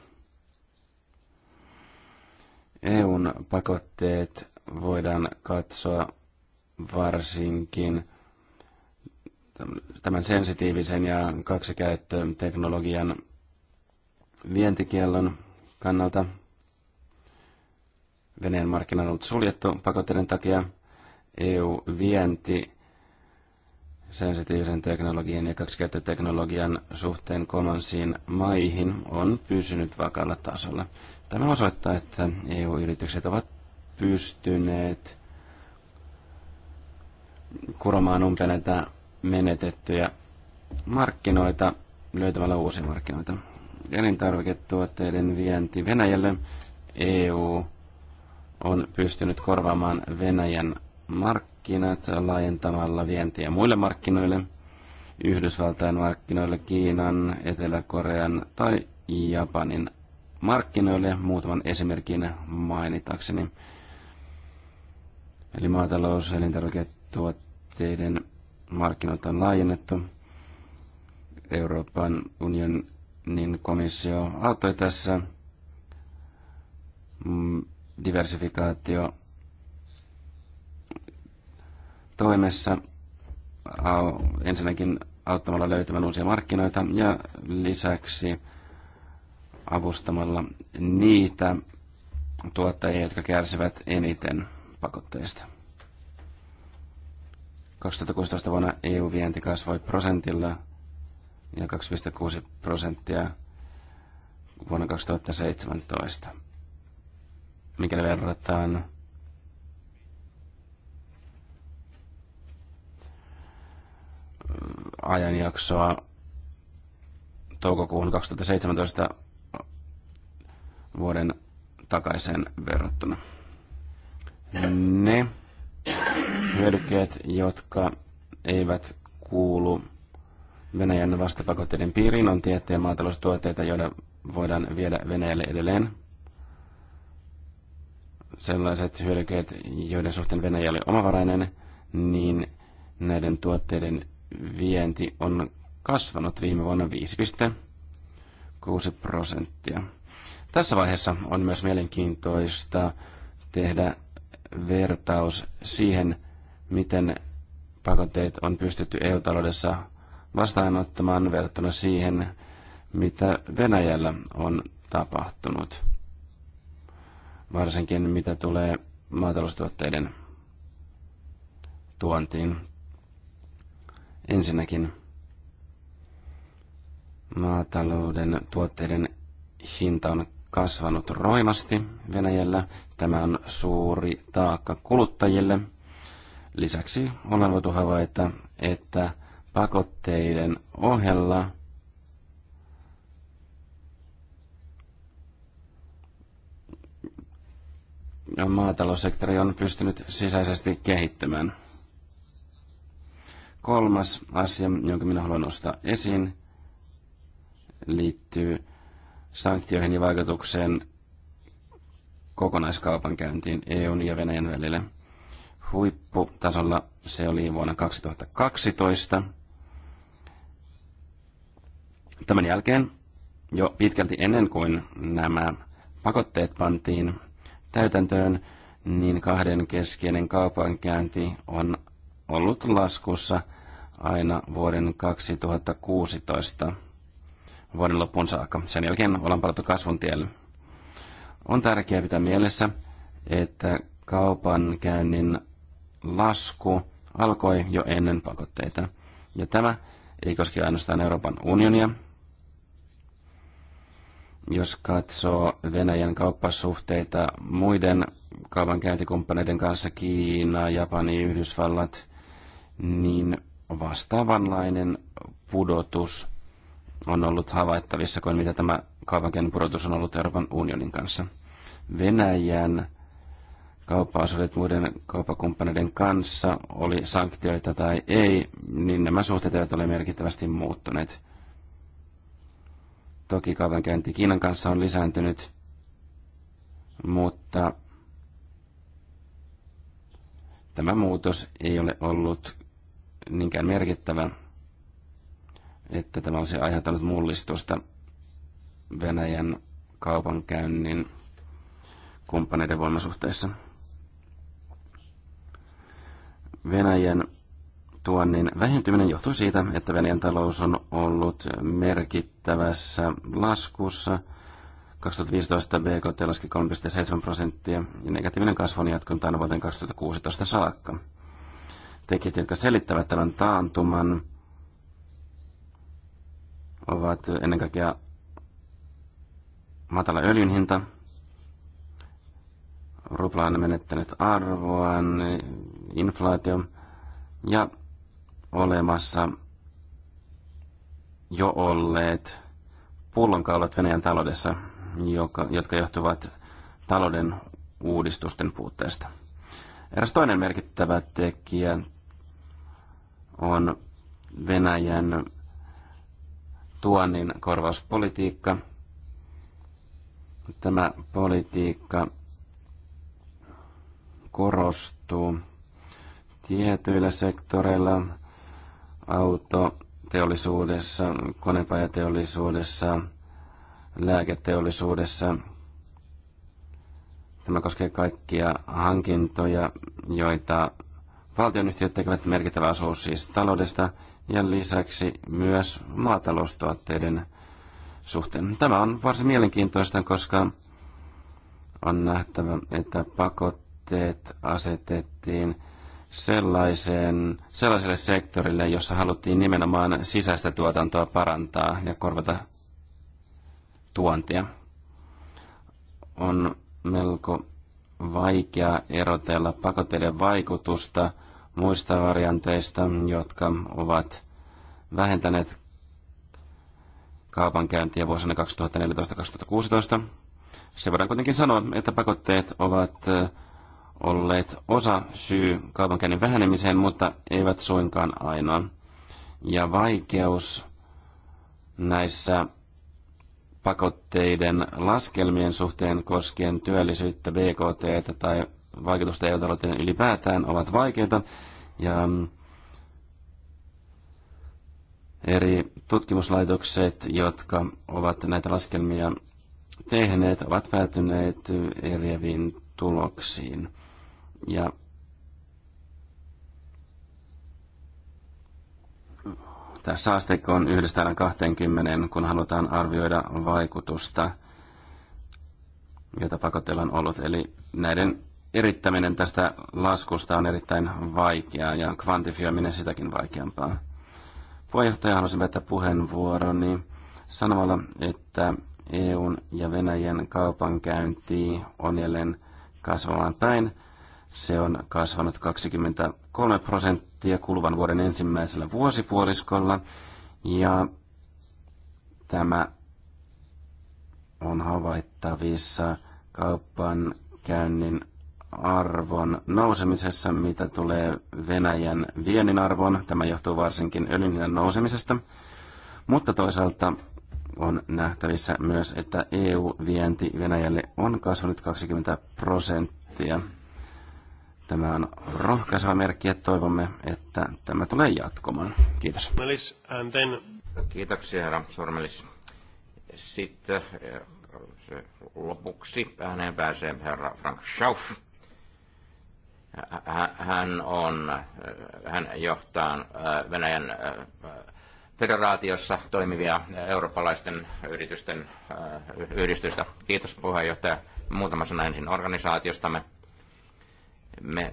EUn pakotteet voidaan katsoa varsinkin tämän sensitiivisen ja kaksikäyttöteknologian vientikiellon kannalta. Venäjän markkina on ollut suljettu pakotteiden takia. EU-vienti sensitiivisen teknologian ja kaksikäyttöteknologian suhteen kolmansiin maihin on pysynyt vakalla tasolla. Tämä osoittaa, että EU-yritykset ovat pystyneet kuromaan umpeen näitä menetettyjä markkinoita löytämällä uusia markkinoita. Elintarviketuotteiden vienti Venäjälle EU on pystynyt korvaamaan Venäjän markkinoita markkinat laajentamalla vientiä muille markkinoille, Yhdysvaltain markkinoille, Kiinan, Etelä-Korean tai Japanin markkinoille, muutaman esimerkin mainitakseni. Eli maatalous- ja elintarviketuotteiden markkinoita on laajennettu. Euroopan unionin komissio auttoi tässä mm, diversifikaatio toimessa ensinnäkin auttamalla löytämään uusia markkinoita ja lisäksi avustamalla niitä tuottajia, jotka kärsivät eniten pakotteista. 2016 vuonna EU-vienti kasvoi prosentilla ja 2,6 prosenttia vuonna 2017. Mikäli verrataan ajanjaksoa toukokuuhun 2017 vuoden takaisen verrattuna. Ne hyödykkeet, jotka eivät kuulu Venäjän vastapakotteiden piiriin, on tiettyjä maataloustuotteita, joita voidaan viedä Venäjälle edelleen. Sellaiset hyödykkeet, joiden suhteen Venäjä oli omavarainen, niin näiden tuotteiden vienti on kasvanut viime vuonna 5,6 prosenttia. Tässä vaiheessa on myös mielenkiintoista tehdä vertaus siihen, miten pakotteet on pystytty EU-taloudessa vastaanottamaan verrattuna siihen, mitä Venäjällä on tapahtunut. Varsinkin mitä tulee maataloustuotteiden tuontiin. Ensinnäkin maatalouden tuotteiden hinta on kasvanut roimasti Venäjällä. Tämä on suuri taakka kuluttajille. Lisäksi ollaan voitu havaita, että pakotteiden ohella maataloussektori on pystynyt sisäisesti kehittymään. Kolmas asia, jonka minä haluan nostaa esiin, liittyy sanktioihin ja vaikutukseen kokonaiskaupankäyntiin EUn ja Venäjän välillä. Huipputasolla se oli vuonna 2012. Tämän jälkeen jo pitkälti ennen kuin nämä pakotteet pantiin täytäntöön, niin kahden keskeinen kaupankäynti on ollut laskussa aina vuoden 2016 vuoden loppuun saakka. Sen jälkeen ollaan palattu kasvun tielle. On tärkeää pitää mielessä, että kaupankäynnin lasku alkoi jo ennen pakotteita. Ja tämä ei koske ainoastaan Euroopan unionia. Jos katsoo Venäjän kauppasuhteita muiden kaupankäyntikumppaneiden kanssa, Kiina, Japani, Yhdysvallat, niin vastaavanlainen pudotus on ollut havaittavissa kuin mitä tämä kaupankäynnin pudotus on ollut Euroopan unionin kanssa. Venäjän kauppaosuudet muiden kauppakumppaneiden kanssa, oli sanktioita tai ei, niin nämä suhteet eivät ole merkittävästi muuttuneet. Toki kaupankäynti Kiinan kanssa on lisääntynyt, mutta tämä muutos ei ole ollut niinkään merkittävä, että tämä olisi aiheuttanut mullistusta Venäjän kaupankäynnin kumppaneiden voimasuhteissa. Venäjän tuonnin vähentyminen johtuu siitä, että Venäjän talous on ollut merkittävässä laskussa. 2015 BKT laski 3,7 prosenttia ja negatiivinen kasvu on jatkunut aina vuoteen 2016 saakka tekijät, jotka selittävät tämän taantuman, ovat ennen kaikkea matala öljyn hinta, rupla on menettänyt arvoaan, inflaatio ja olemassa jo olleet pullonkaulat Venäjän taloudessa, joka, jotka johtuvat talouden uudistusten puutteesta. Eräs toinen merkittävä tekijä on Venäjän tuonnin korvauspolitiikka. Tämä politiikka korostuu tietyillä sektoreilla, autoteollisuudessa, konepajateollisuudessa, lääketeollisuudessa. Tämä koskee kaikkia hankintoja, joita Valtionyhtiöt tekevät merkittävä osuus siis taloudesta ja lisäksi myös maataloustuotteiden suhteen. Tämä on varsin mielenkiintoista, koska on nähtävä, että pakotteet asetettiin sellaiseen, sellaiselle sektorille, jossa haluttiin nimenomaan sisäistä tuotantoa parantaa ja korvata tuontia. On melko vaikea erotella pakotteiden vaikutusta – muista varianteista, jotka ovat vähentäneet kaupankäyntiä vuosina 2014-2016. Se voidaan kuitenkin sanoa, että pakotteet ovat olleet osa syy kaupankäynnin vähenemiseen, mutta eivät suinkaan ainoa. Ja vaikeus näissä pakotteiden laskelmien suhteen koskien työllisyyttä, BKT tai vaikutusta eu talouteen ylipäätään ovat vaikeita. Ja eri tutkimuslaitokset, jotka ovat näitä laskelmia tehneet, ovat päätyneet eriäviin tuloksiin. Ja tässä asteikko on yhdestä 20 kun halutaan arvioida vaikutusta, jota pakotteella on ollut. Eli näiden erittäminen tästä laskusta on erittäin vaikeaa ja kvantifioiminen sitäkin vaikeampaa. Puheenjohtaja halusi vetää puheenvuoroni sanomalla, että EUn ja Venäjän kaupankäynti on jälleen kasvamaan päin. Se on kasvanut 23 prosenttia kuluvan vuoden ensimmäisellä vuosipuoliskolla ja tämä on havaittavissa kaupan käynnin arvon nousemisessa, mitä tulee Venäjän viennin arvoon. Tämä johtuu varsinkin öljyn nousemisesta. Mutta toisaalta on nähtävissä myös, että EU-vienti Venäjälle on kasvanut 20 prosenttia. Tämä on rohkaiseva merkki ja toivomme, että tämä tulee jatkumaan. Kiitos. Kiitoksia, herra Sormelis. Sitten eh, lopuksi ääneen pääsee herra Frank Schauff hän, on, hän johtaa äh, Venäjän äh, federaatiossa toimivia eurooppalaisten yritysten äh, yhdistystä. Kiitos puheenjohtaja. Muutama sana ensin organisaatiostamme. Me,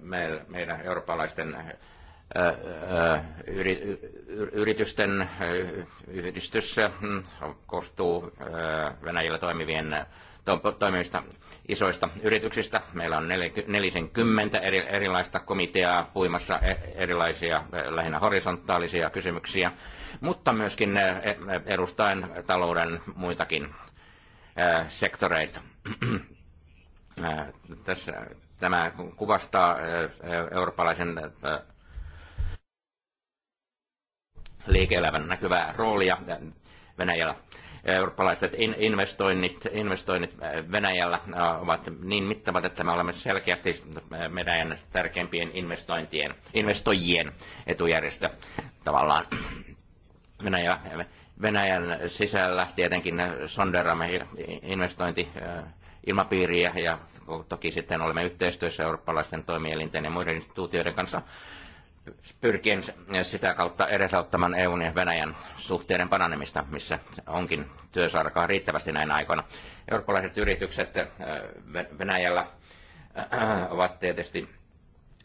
me, meidän eurooppalaisten yritysten yhdistys koostuu Venäjällä toimivien toimivista isoista yrityksistä. Meillä on 40 eri, erilaista komiteaa puimassa e-, erilaisia e, lähinnä horisontaalisia kysymyksiä, mutta myöskin e, edustaen talouden muitakin sektoreita. Tässä tämä kuvastaa eurooppalaisen liike elävän näkyvää roolia Venäjällä eurooppalaiset investoinnit, investoinnit äh, Venäjällä äh, ovat niin mittavat, että me olemme selkeästi äh, meidän tärkeimpien investointien, investoijien etujärjestö tavallaan. Venäjä, Venäjän sisällä tietenkin sonderamme investointi ilmapiiriä ja toki sitten olemme yhteistyössä eurooppalaisten toimielinten ja muiden instituutioiden kanssa pyrkien sitä kautta edesauttamaan EUn ja Venäjän suhteiden paranemista, missä onkin työsarkaa riittävästi näin aikoina. Eurooppalaiset yritykset äh, Venäjällä äh, ovat tietysti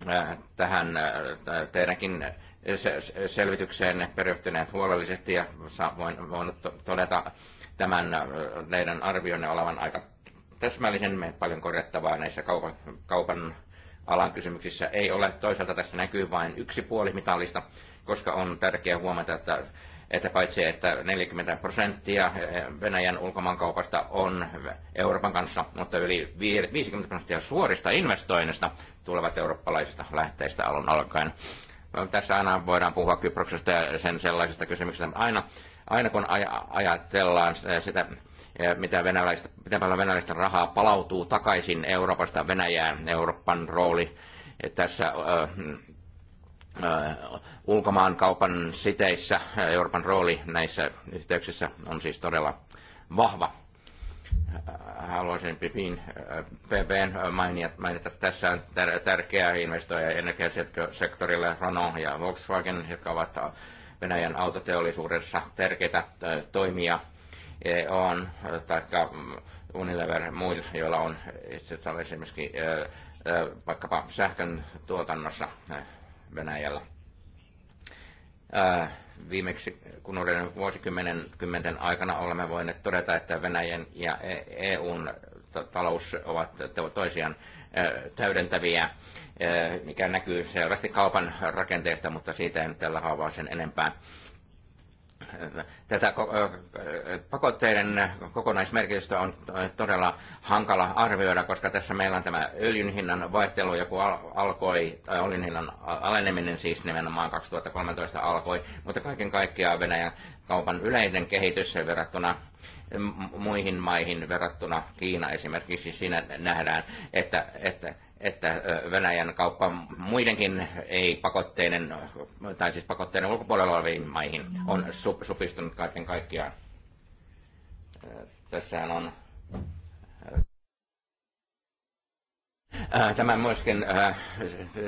äh, tähän teidänkin selvitykseen perehtyneet huolellisesti ja voin, voin todeta tämän teidän arvionne olevan aika täsmällisen, paljon korjattavaa näissä kaupan, kaupan alan kysymyksissä ei ole. Toisaalta tässä näkyy vain yksi puoli mitallista, koska on tärkeää huomata, että että paitsi että 40 prosenttia eh, Venäjän ulkomaankaupasta on Euroopan kanssa, mutta yli 50 prosenttia suorista investoinnista tulevat eurooppalaisista lähteistä alun alkaen. No, tässä aina voidaan puhua Kyproksesta ja sen sellaisista kysymyksistä. Aina, aina kun aj- ajatellaan sitä mitä, venäläistä, mitä paljon venäläistä rahaa palautuu takaisin Euroopasta Venäjään. Euroopan rooli tässä ö, ö, siteissä, Euroopan rooli näissä yhteyksissä on siis todella vahva. Haluaisin Pipin, PPn mainita, mainita tässä on tärkeää investoija energiasektorille Renault ja Volkswagen, jotka ovat Venäjän autoteollisuudessa tärkeitä toimia E on, tai Unilever muilla, joilla on itse asiassa esimerkiksi e, e, vaikkapa sähkön tuotannossa Venäjällä. Viimeksi kun vuosikymmenen kymmenten aikana olemme voineet todeta, että Venäjän ja EUn talous ovat toisiaan täydentäviä, mikä näkyy selvästi kaupan rakenteesta, mutta siitä en tällä haavaa sen enempää tätä pakotteiden kokonaismerkitystä on todella hankala arvioida, koska tässä meillä on tämä öljyn hinnan vaihtelu, joku alkoi, tai öljyn hinnan aleneminen siis nimenomaan 2013 alkoi, mutta kaiken kaikkiaan Venäjän kaupan yleinen kehitys verrattuna muihin maihin verrattuna Kiina esimerkiksi, siinä nähdään, että, että että Venäjän kauppa muidenkin ei-pakotteiden, tai siis pakotteiden ulkopuolella oleviin maihin no. on supistunut kaiken kaikkiaan. Tässähän on Tämä myöskin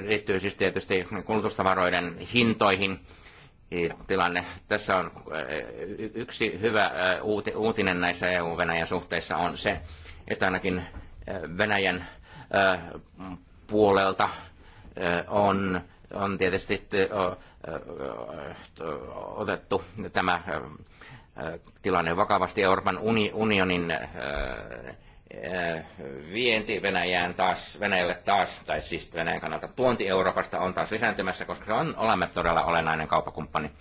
liittyy siis tietysti kulutustavaroiden hintoihin. Tilanne. Tässä on yksi hyvä uutinen näissä EU-Venäjän suhteissa on se, että ainakin Venäjän puolelta on, on tietysti otettu tämä tilanne vakavasti. Euroopan unionin vienti Venäjään taas, Venäjälle taas, tai siis Venäjän kannalta tuonti Euroopasta on taas lisääntymässä, koska se on, olemme todella olennainen kauppakumppani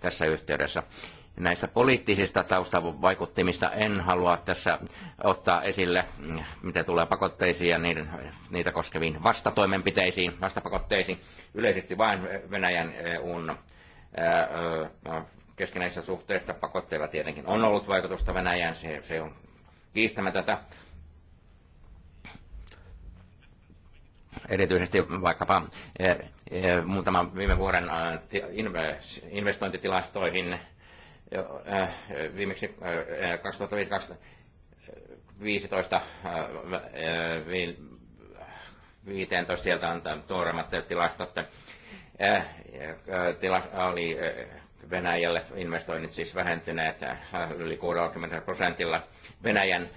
tässä yhteydessä. Näistä poliittisista taustavaikuttimista en halua tässä ottaa esille, mm, mitä tulee pakotteisiin ja niiden, niitä koskeviin vastatoimenpiteisiin, vastapakotteisiin, yleisesti vain Venäjän EUn keskinäisessä suhteista pakotteilla tietenkin on ollut vaikutusta Venäjään, se, se on kiistämätöntä. Erityisesti vaikkapa muutaman viime vuoden investointitilastoihin Äh, viimeksi 2015 äh, 15 äh, sieltä on tuoreimmat tilastot. Tila oli Venäjälle investoinnit siis vähentyneet yli 60 prosentilla. Venäjän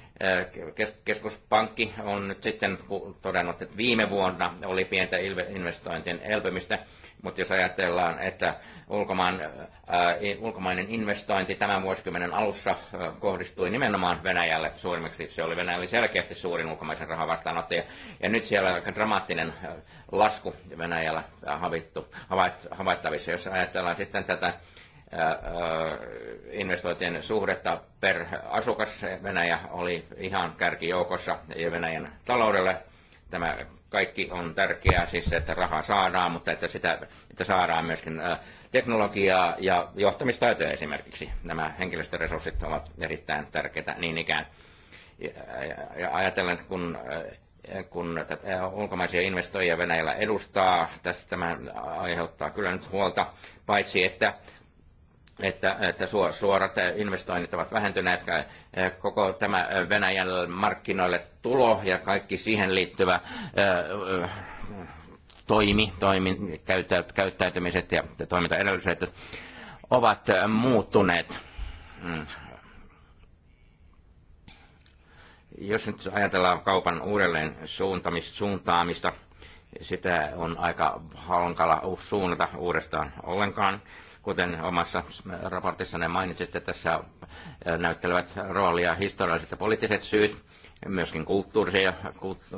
keskuspankki on nyt sitten todennut, että viime vuonna oli pientä investointien elpymistä mutta jos ajatellaan, että ulkomaan, äh, ulkomainen investointi tämän vuosikymmenen alussa äh, kohdistui nimenomaan Venäjälle suurimmiksi, se oli Venäjälle selkeästi suurin ulkomaisen rahan vastaanottaja. Ja nyt siellä on aika dramaattinen äh, lasku Venäjällä äh, havittu, havait, havaittavissa. Jos ajatellaan sitten tätä äh, äh, investointien suhdetta per asukas. Venäjä oli ihan kärkijoukossa ja Venäjän taloudelle tämä kaikki on tärkeää, siis että rahaa saadaan, mutta että, sitä, että saadaan myöskin äh, teknologiaa ja johtamistaitoja esimerkiksi. Nämä henkilöstöresurssit ovat erittäin tärkeitä niin ikään. Ja ajatellen, kun, äh, kun äh, ulkomaisia investoijia Venäjällä edustaa, tässä tämä aiheuttaa kyllä nyt huolta, paitsi että että, että suorat investoinnit ovat vähentyneet, koko tämä Venäjän markkinoille tulo ja kaikki siihen liittyvä toimi, toimi käyttäytymiset ja toimintaedellytykset ovat muuttuneet. Mm. Jos nyt ajatellaan kaupan uudelleen suuntaamista, sitä on aika hankala suunnata uudestaan ollenkaan Kuten omassa raportissanne mainitsitte, tässä näyttelevät roolia historialliset ja poliittiset syyt. Myöskin kulttuurisia,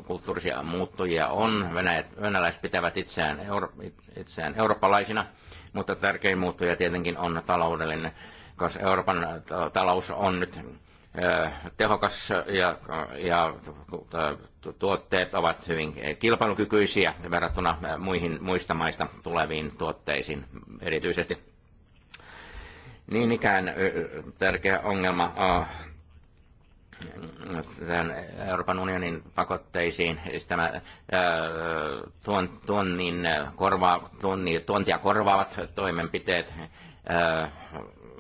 kulttuurisia muuttujia on. Venäjät, venäläiset pitävät itseään, euro, itseään eurooppalaisina, mutta tärkein muuttuja tietenkin on taloudellinen, koska Euroopan talous on nyt tehokas ja, ja tuotteet ovat hyvin kilpailukykyisiä verrattuna muihin muista maista tuleviin tuotteisiin erityisesti. Niin ikään tärkeä ongelma tämän Euroopan unionin pakotteisiin, siis tämä tuon, tuonnin, korvaa, tuonni, tuontia korvaavat toimenpiteet,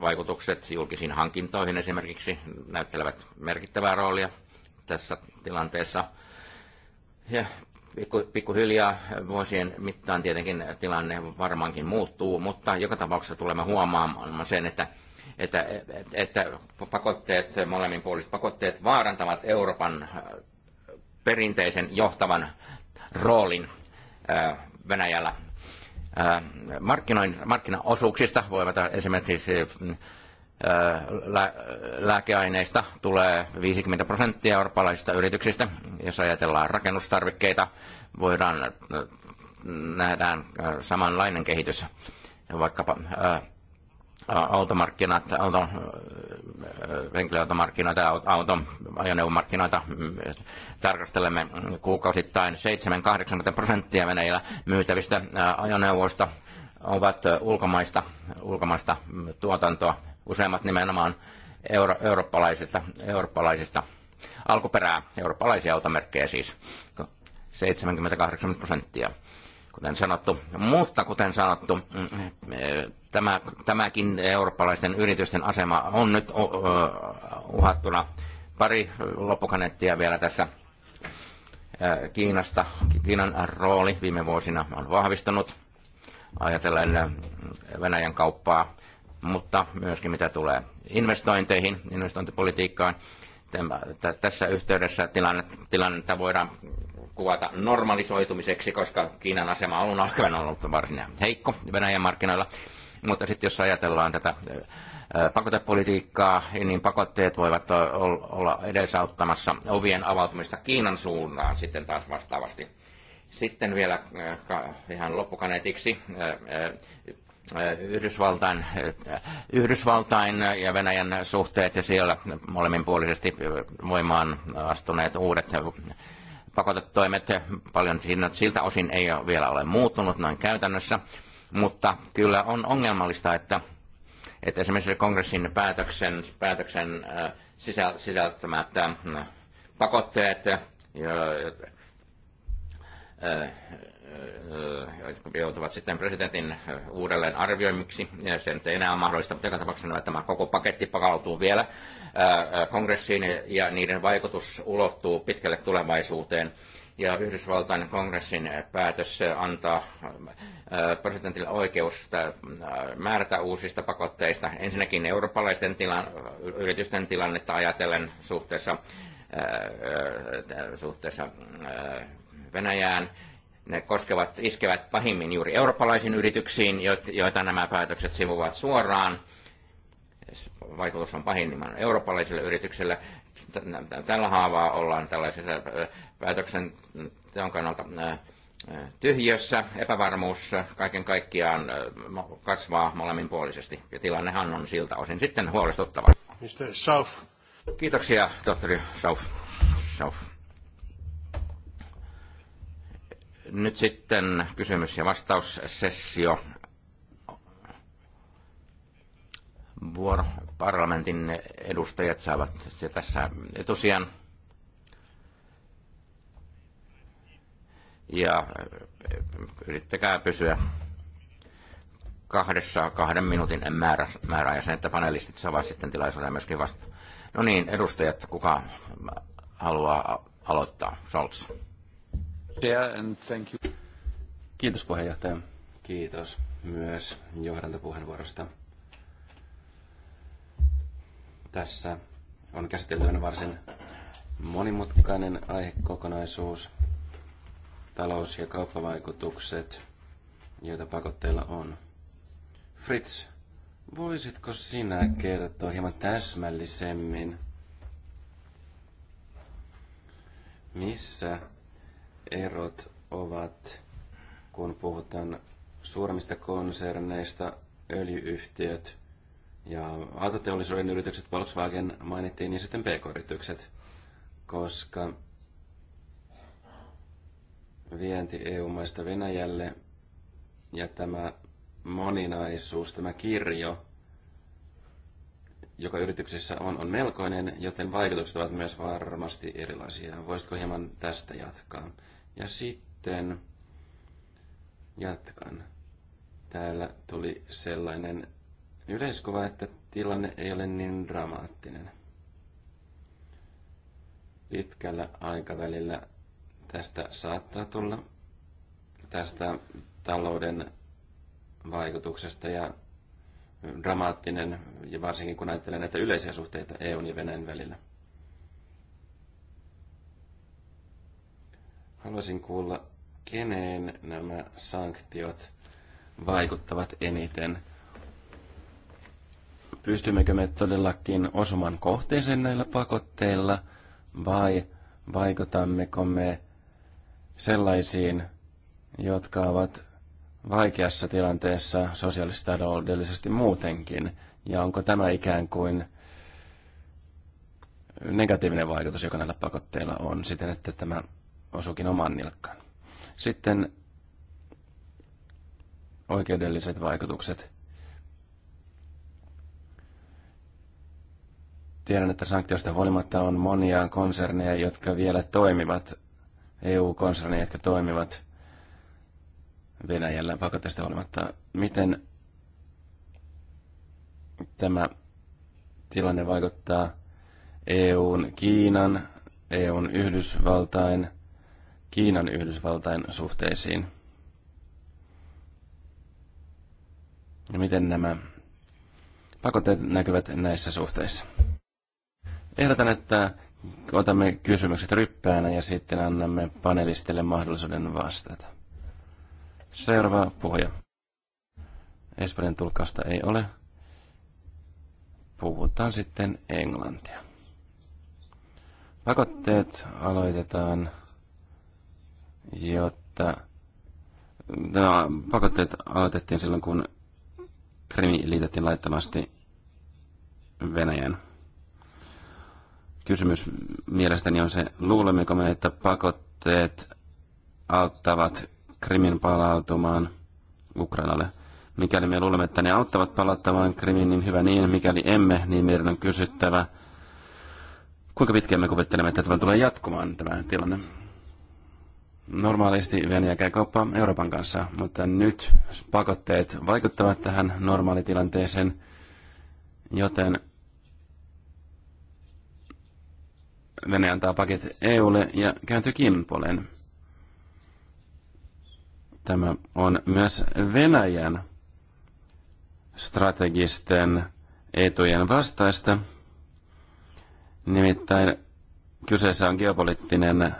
vaikutukset julkisiin hankintoihin esimerkiksi näyttelevät merkittävää roolia tässä tilanteessa. Ja pikkuhiljaa vuosien mittaan tietenkin tilanne varmaankin muuttuu, mutta joka tapauksessa tulemme huomaamaan sen, että, että, että pakotteet, molemminpuoliset pakotteet vaarantavat Euroopan äh, perinteisen johtavan roolin äh, Venäjällä. Äh, markkinoin, markkinaosuuksista voivat esimerkiksi mm, lääkeaineista tulee 50 prosenttia eurooppalaisista yrityksistä. Jos ajatellaan rakennustarvikkeita, voidaan nähdään samanlainen kehitys. Vaikkapa automarkkinat, auto, henkilöautomarkkinoita ja auto, ajoneuvomarkkinoita tarkastelemme kuukausittain 7-80 prosenttia Venäjällä myytävistä ajoneuvoista ovat ulkomaista, ulkomaista tuotantoa useimmat nimenomaan euro, eurooppalaisista, eurooppalaisista alkuperää, eurooppalaisia automerkkejä siis, 78 prosenttia, kuten sanottu. Mutta kuten sanottu, mm, eh, tämä, tämäkin eurooppalaisten yritysten asema on nyt uhattuna. Pari loppukaneettia vielä tässä eh, Kiinasta. Kiinan rooli viime vuosina on vahvistunut. Ajatellen eh, Venäjän kauppaa mutta myöskin mitä tulee investointeihin, investointipolitiikkaan. Tämä, tässä yhteydessä tilanne, tilannetta voidaan kuvata normalisoitumiseksi, koska Kiinan asema alun on ollut varsin heikko Venäjän markkinoilla. Mutta sitten jos ajatellaan tätä pakotepolitiikkaa, niin pakotteet voivat olla edesauttamassa ovien avautumista Kiinan suuntaan sitten taas vastaavasti. Sitten vielä ihan loppukaneetiksi Yhdysvaltain, Yhdysvaltain ja Venäjän suhteet ja siellä molemminpuolisesti voimaan astuneet uudet pakotetoimet. Paljon siinä, siltä osin ei ole vielä ole muuttunut noin käytännössä, mutta kyllä on ongelmallista, että että esimerkiksi kongressin päätöksen, päätöksen äh, sisältämät äh, pakotteet, ja, äh, Äh, joutuvat sitten presidentin äh, uudelleen arvioimiksi. Ja se nyt ei enää ole mahdollista, mutta joka tapauksessa tämä koko paketti pakautuu vielä äh, kongressiin ja niiden vaikutus ulottuu pitkälle tulevaisuuteen. Ja Yhdysvaltain kongressin päätös antaa presidentille oikeus määrätä uusista pakotteista. Ensinnäkin eurooppalaisten tilan, yritysten tilannetta ajatellen suhteessa, suhteessa Venäjään ne koskevat, iskevät pahimmin juuri eurooppalaisiin yrityksiin, joita nämä päätökset sivuvat suoraan. Vaikutus on pahimman eurooppalaisille yrityksille. Tällä haavaa ollaan tällaisessa päätöksenteon kannalta tyhjössä. Epävarmuus kaiken kaikkiaan kasvaa molemminpuolisesti ja tilannehan on siltä osin sitten huolestuttava. Mr. South. Kiitoksia, tohtori South. South. Nyt sitten kysymys- ja vastaussessio. Vuoro parlamentin edustajat saavat se tässä etusijan. Ja eh, yrittäkää pysyä kahdessa kahden minuutin määrä, määrä ja sen, että panelistit saavat sitten tilaisuuden myöskin vasta. No niin, edustajat, kuka haluaa aloittaa? Scholz. Yeah, and Kiitos puheenjohtaja. Kiitos myös johdantopuheenvuorosta. Tässä on käsiteltävänä varsin monimutkainen aihekokonaisuus, talous- ja kauppavaikutukset, joita pakotteilla on. Fritz, voisitko sinä kertoa hieman täsmällisemmin, missä erot ovat, kun puhutaan suuremmista konserneista, öljyyhtiöt ja autoteollisuuden yritykset, Volkswagen mainittiin, ja sitten pk-yritykset, koska vienti EU-maista Venäjälle ja tämä moninaisuus, tämä kirjo, joka yrityksissä on, on melkoinen, joten vaikutukset ovat myös varmasti erilaisia. Voisitko hieman tästä jatkaa? Ja sitten jatkan. Täällä tuli sellainen yleiskuva, että tilanne ei ole niin dramaattinen. Pitkällä aikavälillä tästä saattaa tulla tästä talouden vaikutuksesta ja dramaattinen, ja varsinkin kun ajattelen näitä yleisiä suhteita EUn ja Venäjän välillä. Haluaisin kuulla, keneen nämä sanktiot vaikuttavat eniten. Pystymmekö me todellakin osumaan kohteeseen näillä pakotteilla vai vaikutammeko me sellaisiin, jotka ovat vaikeassa tilanteessa sosiaalisesti taloudellisesti muutenkin? Ja onko tämä ikään kuin negatiivinen vaikutus, joka näillä pakotteilla on, siten että tämä osukin oman nilkkaan. Sitten oikeudelliset vaikutukset. Tiedän, että sanktioista huolimatta on monia konserneja, jotka vielä toimivat, EU-konserneja, jotka toimivat Venäjällä pakotteista huolimatta. Miten tämä tilanne vaikuttaa EUn Kiinan, EUn Yhdysvaltain – Kiinan Yhdysvaltain suhteisiin. Ja miten nämä pakotteet näkyvät näissä suhteissa? Ehdotan, että otamme kysymykset ryppäänä ja sitten annamme panelistille mahdollisuuden vastata. Seuraava puhuja. Espanjan tulkasta ei ole. Puhutaan sitten englantia. Pakotteet aloitetaan jotta nämä no, pakotteet aloitettiin silloin, kun Krimi liitettiin laittomasti Venäjän. Kysymys mielestäni on se, luulemmeko me, että pakotteet auttavat Krimin palautumaan Ukrainalle. Mikäli me luulemme, että ne auttavat palauttamaan Krimin, niin hyvä niin. Mikäli emme, niin meidän on kysyttävä, kuinka pitkään me kuvittelemme, että tämä tulee jatkumaan tämä tilanne. Normaalisti Venäjä käy kauppaa Euroopan kanssa, mutta nyt pakotteet vaikuttavat tähän normaalitilanteeseen, joten Venäjä antaa paket EUlle ja kääntyy Kiinan puoleen. Tämä on myös Venäjän strategisten etujen vastaista. Nimittäin kyseessä on geopoliittinen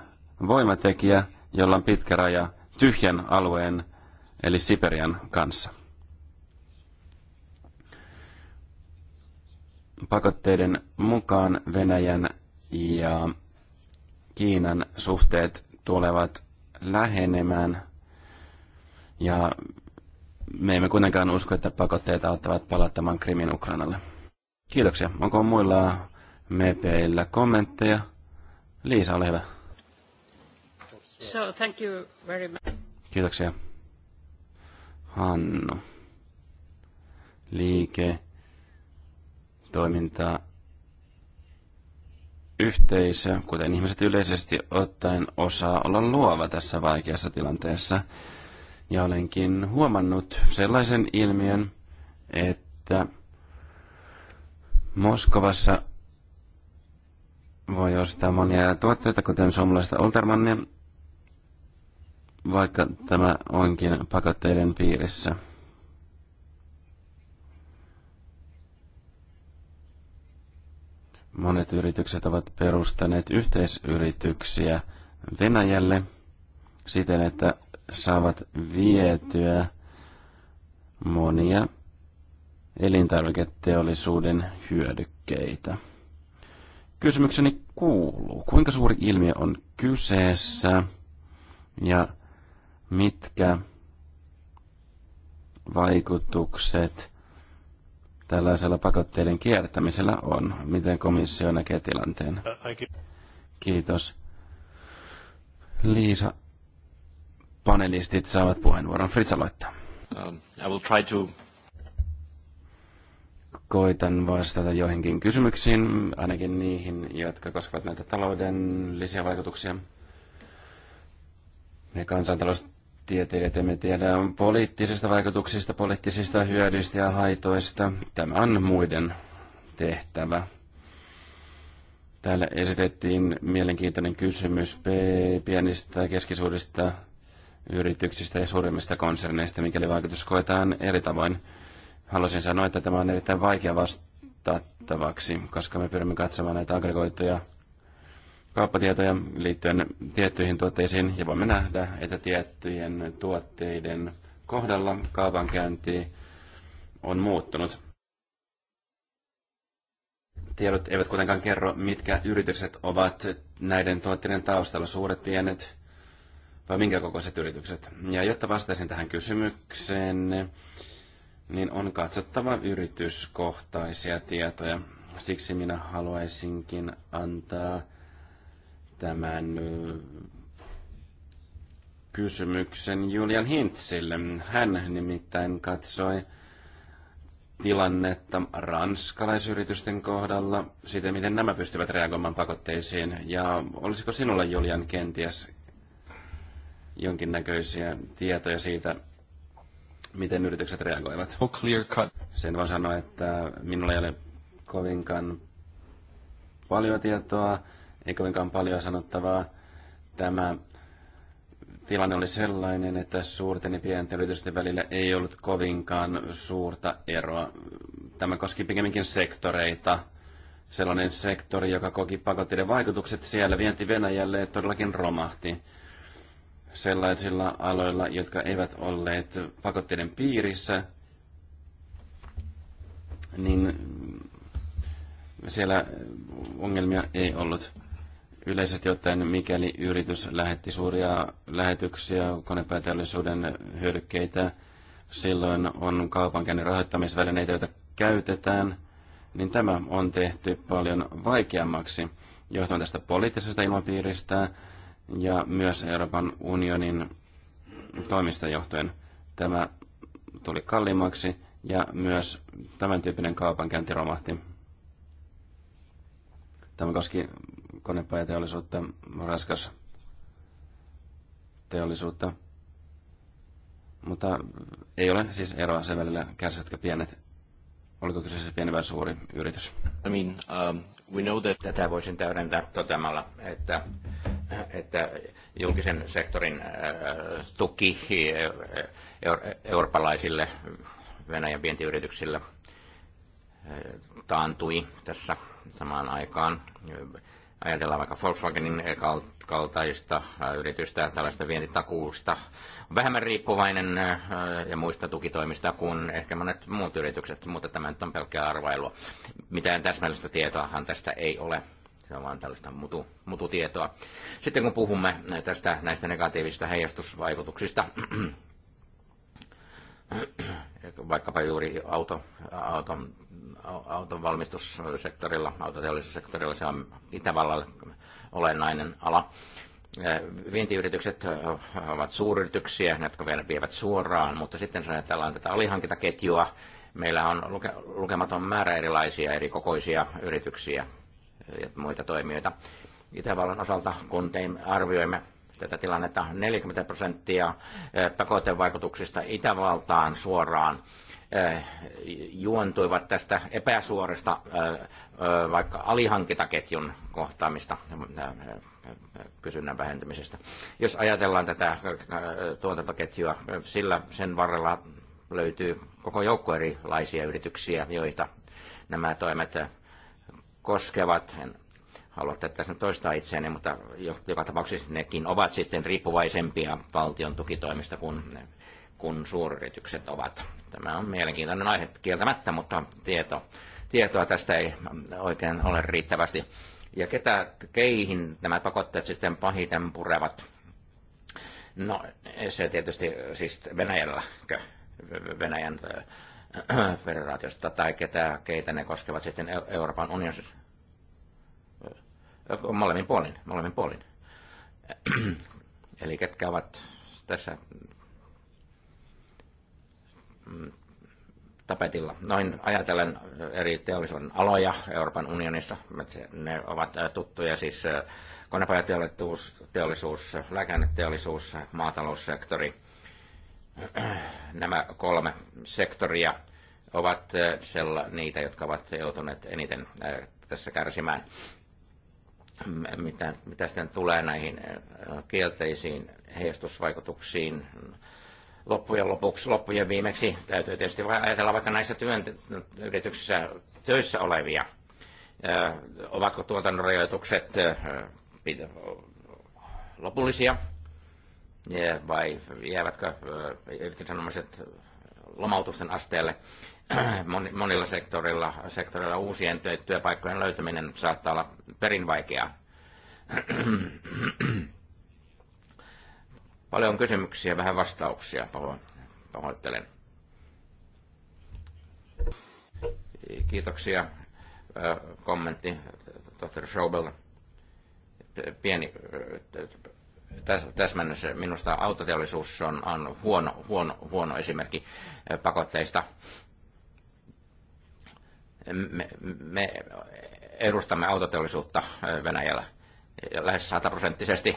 voimatekijä, jolla on pitkä raja tyhjän alueen eli Siperian kanssa. Pakotteiden mukaan Venäjän ja Kiinan suhteet tulevat lähenemään ja me emme kuitenkaan usko, että pakotteet auttavat palauttamaan Krimin Ukrainalle. Kiitoksia. Onko muilla MPillä kommentteja? Liisa, ole hyvä. So, thank you very much. Kiitoksia. Hannu. Liike, toiminta, yhteisö, kuten ihmiset yleisesti ottaen osaa olla luova tässä vaikeassa tilanteessa. Ja olenkin huomannut sellaisen ilmiön, että Moskovassa voi ostaa monia tuotteita, kuten suomalaista Oltermannia, vaikka tämä onkin pakotteiden piirissä. Monet yritykset ovat perustaneet yhteisyrityksiä Venäjälle siten, että saavat vietyä monia elintarviketeollisuuden hyödykkeitä. Kysymykseni kuuluu, kuinka suuri ilmiö on kyseessä ja mitkä vaikutukset tällaisella pakotteiden kiertämisellä on? Miten komissio näkee tilanteen? Kiitos. Liisa, panelistit saavat puheenvuoron. Fritz aloittaa. Um, I will try to... Koitan vastata joihinkin kysymyksiin, ainakin niihin, jotka koskevat näitä taloudellisia vaikutuksia Ne kansantalous Tieteilijät emme tiedä poliittisista vaikutuksista, poliittisista hyödyistä ja haitoista. Tämä on muiden tehtävä. Täällä esitettiin mielenkiintoinen kysymys pienistä, keskisuurista yrityksistä ja suurimmista konserneista, mikäli vaikutus koetaan eri tavoin. Haluaisin sanoa, että tämä on erittäin vaikea vastattavaksi, koska me pyrimme katsomaan näitä aggregoituja kauppatietoja liittyen tiettyihin tuotteisiin ja voimme nähdä, että tiettyjen tuotteiden kohdalla kaupankäynti on muuttunut. Tiedot eivät kuitenkaan kerro, mitkä yritykset ovat näiden tuotteiden taustalla, suuret, pienet vai minkä kokoiset yritykset. Ja jotta vastaisin tähän kysymykseen, niin on katsottava yrityskohtaisia tietoja. Siksi minä haluaisinkin antaa tämän kysymyksen Julian Hintsille. Hän nimittäin katsoi tilannetta ranskalaisyritysten kohdalla, sitä miten nämä pystyvät reagoimaan pakotteisiin. Ja olisiko sinulla Julian kenties jonkinnäköisiä tietoja siitä, miten yritykset reagoivat? No, clear cut. Sen vaan sanoa, että minulla ei ole kovinkaan paljon tietoa ei kovinkaan paljon sanottavaa. Tämä tilanne oli sellainen, että suurten ja pienten yritysten välillä ei ollut kovinkaan suurta eroa. Tämä koski pikemminkin sektoreita. Sellainen sektori, joka koki pakotteiden vaikutukset siellä, vienti Venäjälle todellakin romahti sellaisilla aloilla, jotka eivät olleet pakotteiden piirissä, niin siellä ongelmia ei ollut. Yleisesti ottaen, mikäli yritys lähetti suuria lähetyksiä, konepääteollisuuden hyödykkeitä, silloin on kaupankäynnin rahoittamisvälineitä, joita käytetään, niin tämä on tehty paljon vaikeammaksi johtuen tästä poliittisesta ilmapiiristä ja myös Euroopan unionin toimista johtuen. Tämä tuli kalliimmaksi ja myös tämän tyyppinen kaupankäynti romahti. Tämä koski konepajateollisuutta, raskas teollisuutta. Mutta ei ole siis eroa sen välillä, kärsivätkö pienet, oliko kyseessä pieni vai suuri yritys. I mean, um, we know that... Tätä voisin täydentää toteamalla, että, että julkisen sektorin äh, tuki äh, eurooppalaisille Venäjän vientiyrityksille äh, taantui tässä samaan aikaan ajatellaan vaikka Volkswagenin kaltaista äh, yritystä, tällaista vientitakuusta, on vähemmän riippuvainen äh, ja muista tukitoimista kuin ehkä monet muut yritykset, mutta tämä nyt on pelkkää arvailua. Mitään täsmällistä tietoahan tästä ei ole. Se on vaan tällaista mutu, mututietoa. Sitten kun puhumme äh, tästä näistä negatiivisista heijastusvaikutuksista, vaikkapa juuri auto, auton auton valmistussektorilla, autoteollisuussektorilla, se on Itävallalle olennainen ala. Vientiyritykset ovat suuryrityksiä, jotka vielä vievät suoraan, mutta sitten ajatellaan tätä alihankintaketjua. Meillä on luke, lukematon määrä erilaisia eri kokoisia yrityksiä ja muita toimijoita. Itävallan osalta, kun tein, arvioimme tätä tilannetta, 40 prosenttia pakotevaikutuksista Itävaltaan suoraan Äh, juontuivat tästä epäsuorasta äh, äh, vaikka alihankintaketjun kohtaamista kysynnän vähentymisestä. Jos ajatellaan tätä tuotantoketjua, sillä sen varrella löytyy koko joukko erilaisia yrityksiä, joita nämä toimet koskevat. En halua tässä toistaa itseäni, mutta joka tapauksessa nekin ovat sitten riippuvaisempia valtion tukitoimista kuin kun suuryritykset ovat. Tämä on mielenkiintoinen aihe kieltämättä, mutta tieto, tietoa tästä ei oikein ole riittävästi. Ja ketä, keihin nämä pakotteet sitten pahiten purevat? No se tietysti siis Venäjällä, Venäjän äh, federaatiosta tai ketä, keitä ne koskevat sitten Euroopan unionissa. Äh, molemmin puolin, molemmin puolin. Äh, eli ketkä ovat tässä tapetilla. Noin ajatellen eh, eri teollisuuden aloja Euroopan unionissa, ne ovat eh, tuttuja siis eh, konepajateollisuus, teollisuus, lääkäneteollisuus, maataloussektori. Nämä kolme sektoria ovat sella, niitä, jotka ovat joutuneet eniten tässä kärsimään. Mitä, mitä sitten tulee näihin kielteisiin heijastusvaikutuksiin loppujen lopuksi, loppujen viimeksi täytyy tietysti ajatella vaikka näissä työn, yrityksissä töissä olevia. Ö, ovatko tuotannon rajoitukset lopullisia vai jäävätkö irtisanomiset lomautusten asteelle? Monilla sektorilla, sektorilla uusien työpaikkojen löytäminen saattaa olla perin vaikeaa. Paljon kysymyksiä, vähän vastauksia, pahoittelen. Kiitoksia. Kommentti tohtori Schraubel. Pieni täsmännys. Minusta autoteollisuus on, on huono, huono, huono esimerkki pakotteista. Me, me edustamme autoteollisuutta Venäjällä lähes sataprosenttisesti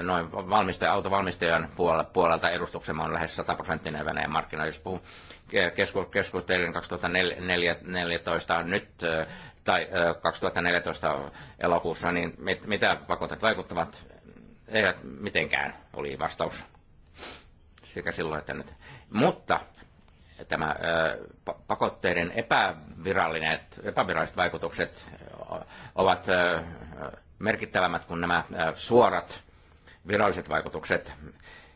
noin valmistaja, autovalmistajan puolelta edustuksemme on lähes 100 prosenttinen Venäjän markkina. Jos puhun keskustelin 2014 nyt tai 2014 elokuussa, niin mit, mitä pakotteet vaikuttavat? Eivät mitenkään, oli vastaus sekä silloin että nyt. Mutta tämä pakotteiden epäviralliset, epäviralliset vaikutukset ovat merkittävämmät kuin nämä suorat viralliset vaikutukset.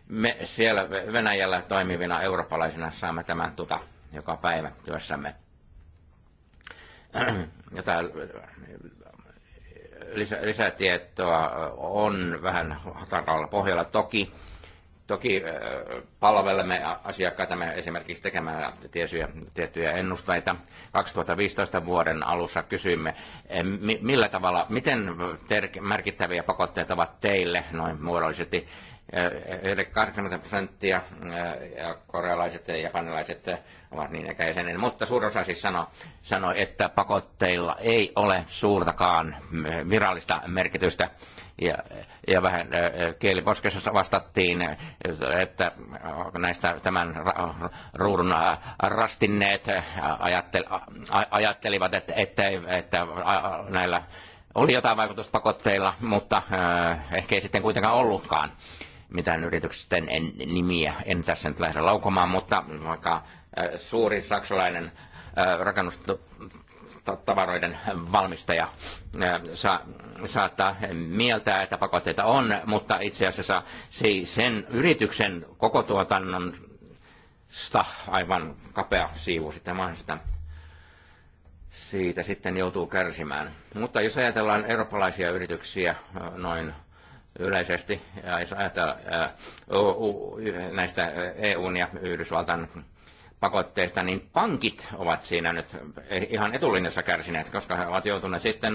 Me siellä Venäjällä toimivina eurooppalaisina saamme tämän tuta joka päivä työssämme. Jotain lisätietoa on vähän hataralla pohjalla toki Toki palvelemme me esimerkiksi tekemällä tiettyjä, tiettyjä ennusteita. 2015 vuoden alussa kysyimme, e, millä tavalla, miten merkittäviä pakotteet ovat teille noin muodollisesti Yli 20 prosenttia korealaiset ja japanilaiset ovat niin ikäisenä, mutta suurin osa siis sanoi, sano, että pakotteilla ei ole suurtakaan virallista merkitystä. Ja, ja vähän kieliposkessa vastattiin, että näistä tämän ruudun rastinneet ajattelivat, että, että, että näillä oli jotain vaikutusta pakotteilla, mutta ehkä ei sitten kuitenkaan ollutkaan mitään yrityksistä, en, nimiä en tässä nyt lähde laukomaan, mutta vaikka äh, suuri saksalainen äh, rakennustavaroiden valmistaja äh, sa, saattaa mieltää, että pakotteita on, mutta itse asiassa se, sen yrityksen koko tuotannon sta aivan kapea siivu sitten mahdollista siitä sitten joutuu kärsimään. Mutta jos ajatellaan eurooppalaisia yrityksiä noin yleisesti jos ajatella näistä EUn ja Yhdysvaltain pakotteista, niin pankit ovat siinä nyt ihan etulinjassa kärsineet, koska he ovat joutuneet sitten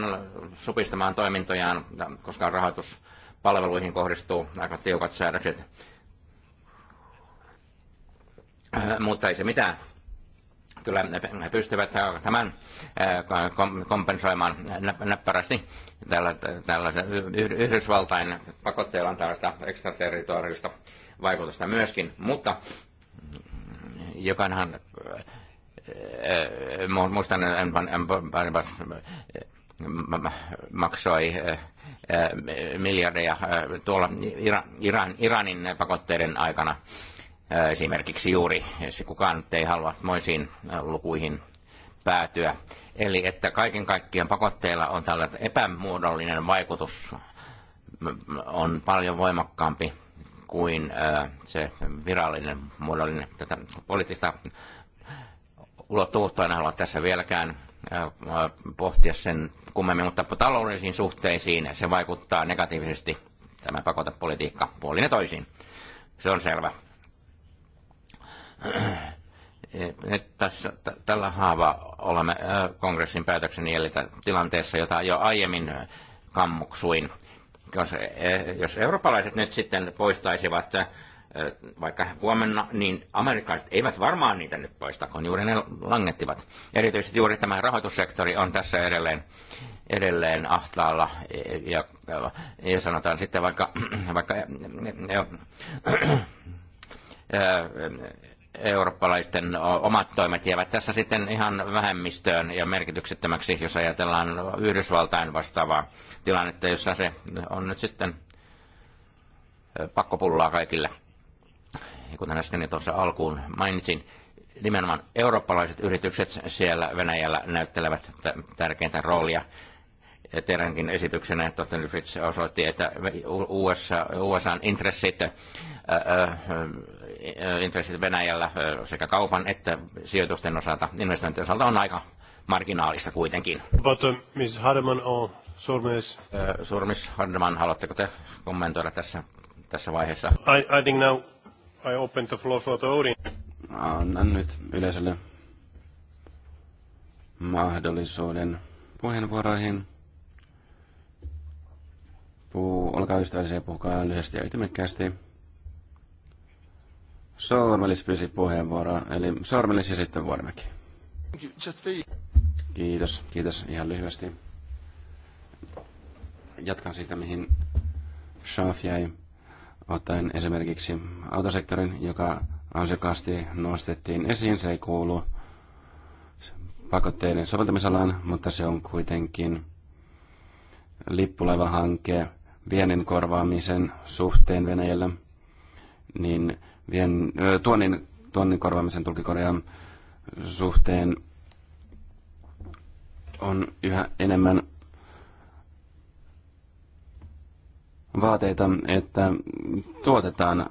supistamaan toimintojaan, koska rahoituspalveluihin kohdistuu aika tiukat säädökset. Mutta ei se mitään kyllä pystyvät äh, tämän äh, kompensoimaan näppärästi tällä, tällaisen Yhdysvaltain pakotteella tällaista ekstraterritoriallista vaikutusta myöskin, mutta jokainhan muistan, maksoi miljardeja tuolla Iran, Iranin pakotteiden aikana esimerkiksi juuri, se kukaan ei halua moisiin lukuihin päätyä. Eli että kaiken kaikkiaan pakotteilla on tällainen epämuodollinen vaikutus, on paljon voimakkaampi kuin se virallinen, muodollinen. Tätä poliittista ulottuvuutta en halua tässä vieläkään pohtia sen kummemmin, mutta taloudellisiin suhteisiin se vaikuttaa negatiivisesti tämä pakotepolitiikka puolin ja toisin. Se on selvä nyt äh, tässä, tällä haava olemme äh, kongressin päätöksen jäljiltä tilanteessa, jota jo aiemmin äh, kammuksuin. Jos, jos eurooppalaiset nyt sitten poistaisivat vaikka huomenna, niin amerikkalaiset eivät varmaan niitä nyt poista, kun juuri ne langettivat. Erityisesti juuri tämä rahoitussektori on tässä edelleen, edelleen ahtaalla. Ja, ja, ja sanotaan sitten vaikka, vaikka eurooppalaisten omat toimet jäävät tässä sitten ihan vähemmistöön ja merkityksettömäksi, jos ajatellaan Yhdysvaltain vastaavaa tilannetta, jossa se on nyt sitten pakkopullaa kaikille. Ja kuten äsken tuossa alkuun mainitsin, nimenomaan eurooppalaiset yritykset siellä Venäjällä näyttelevät tärkeintä roolia. teidänkin esityksenä Totten Fitch, osoitti, että USA, USA intressit ää, ää, Eh, intressit Venäjällä eh, sekä kaupan että sijoitusten osalta, investointien osalta on aika marginaalista kuitenkin. But, uh, Ms. Hardeman on oh, Surmis. Uh, eh, Surmis Hardeman, haluatteko te kommentoida tässä, tässä vaiheessa? I, I think now I open the floor for the audience. Annan nyt yleisölle mahdollisuuden puheenvuoroihin. Puu, olkaa ystävällisiä, puhukaa lyhyesti ja ytimekkäästi. Sormelis pyysi puheenvuoroa, eli Sormelis ja sitten Vuorimäki. Kiitos, kiitos ihan lyhyesti. Jatkan siitä, mihin Schaaf jäi, ottaen esimerkiksi autosektorin, joka ansiokkaasti nostettiin esiin. Se ei kuulu pakotteiden soveltamisalaan, mutta se on kuitenkin lippulaivahanke viennin korvaamisen suhteen Venäjällä – niin vien, tuonnin, tuonnin korvaamisen tulkikorean suhteen on yhä enemmän vaateita, että tuotetaan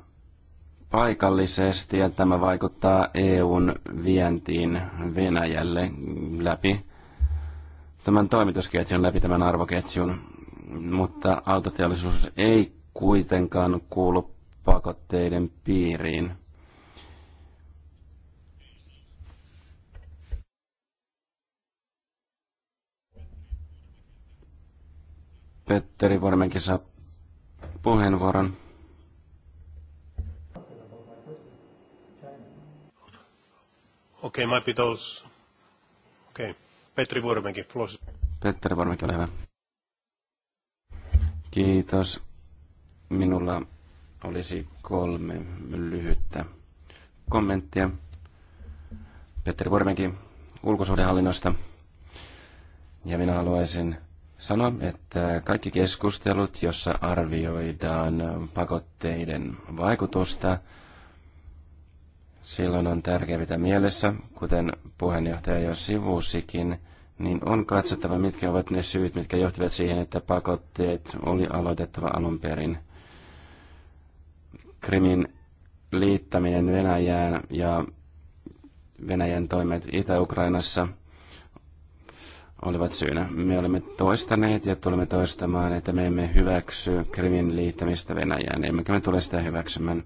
paikallisesti ja tämä vaikuttaa EUn vientiin Venäjälle läpi tämän toimitusketjun, läpi tämän arvoketjun, mutta autoteollisuus ei kuitenkaan kuulu pakotteiden piiriin. Petteri Vormenkin saa puheenvuoron. Okei, okay, Okei, okay. Petri Vormenkin, plus. Petteri Vormenkin, ole hyvä. Kiitos. Minulla olisi kolme lyhyttä kommenttia. Petteri Vormenkin ulkosuhdehallinnosta. Ja minä haluaisin sanoa, että kaikki keskustelut, jossa arvioidaan pakotteiden vaikutusta, silloin on tärkeää pitää mielessä, kuten puheenjohtaja jo sivusikin, niin on katsottava, mitkä ovat ne syyt, mitkä johtivat siihen, että pakotteet oli aloitettava alun perin – Krimin liittäminen Venäjään ja Venäjän toimet Itä-Ukrainassa olivat syynä. Me olemme toistaneet ja tulemme toistamaan, että me emme hyväksy Krimin liittämistä Venäjään, emmekä me tule sitä hyväksymään.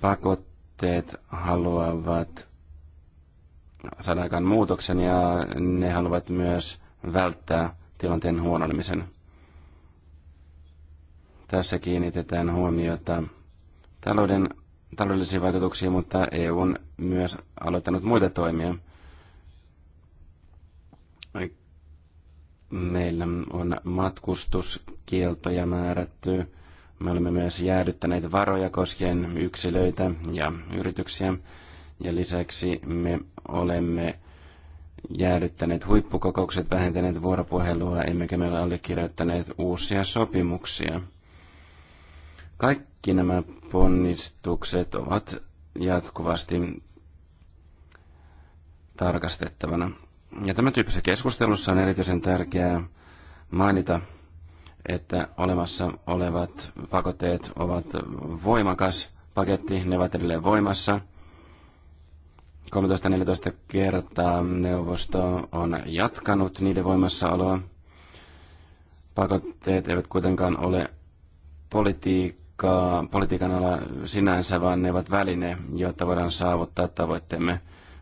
Pakotteet haluavat saada aikaan muutoksen ja ne haluavat myös välttää tilanteen huononemisen. Tässä kiinnitetään huomiota talouden, taloudellisiin vaikutuksiin, mutta EU on myös aloittanut muita toimia. Meillä on matkustuskieltoja määrätty. Me olemme myös jäädyttäneet varoja koskien yksilöitä ja yrityksiä. Ja lisäksi me olemme jäädyttäneet huippukokoukset, vähentäneet vuoropuhelua, emmekä me ole allekirjoittaneet uusia sopimuksia. Kaikki nämä ponnistukset ovat jatkuvasti tarkastettavana. Ja tämän tyyppisessä keskustelussa on erityisen tärkeää mainita, että olemassa olevat pakotteet ovat voimakas paketti, ne ovat edelleen voimassa. 13-14 kertaa neuvosto on jatkanut niiden voimassaoloa. Pakotteet eivät kuitenkaan ole politiikkaa politiikkaa, politiikan ala sinänsä, vaan ne ovat väline, jotta voidaan saavuttaa tavoitteemme.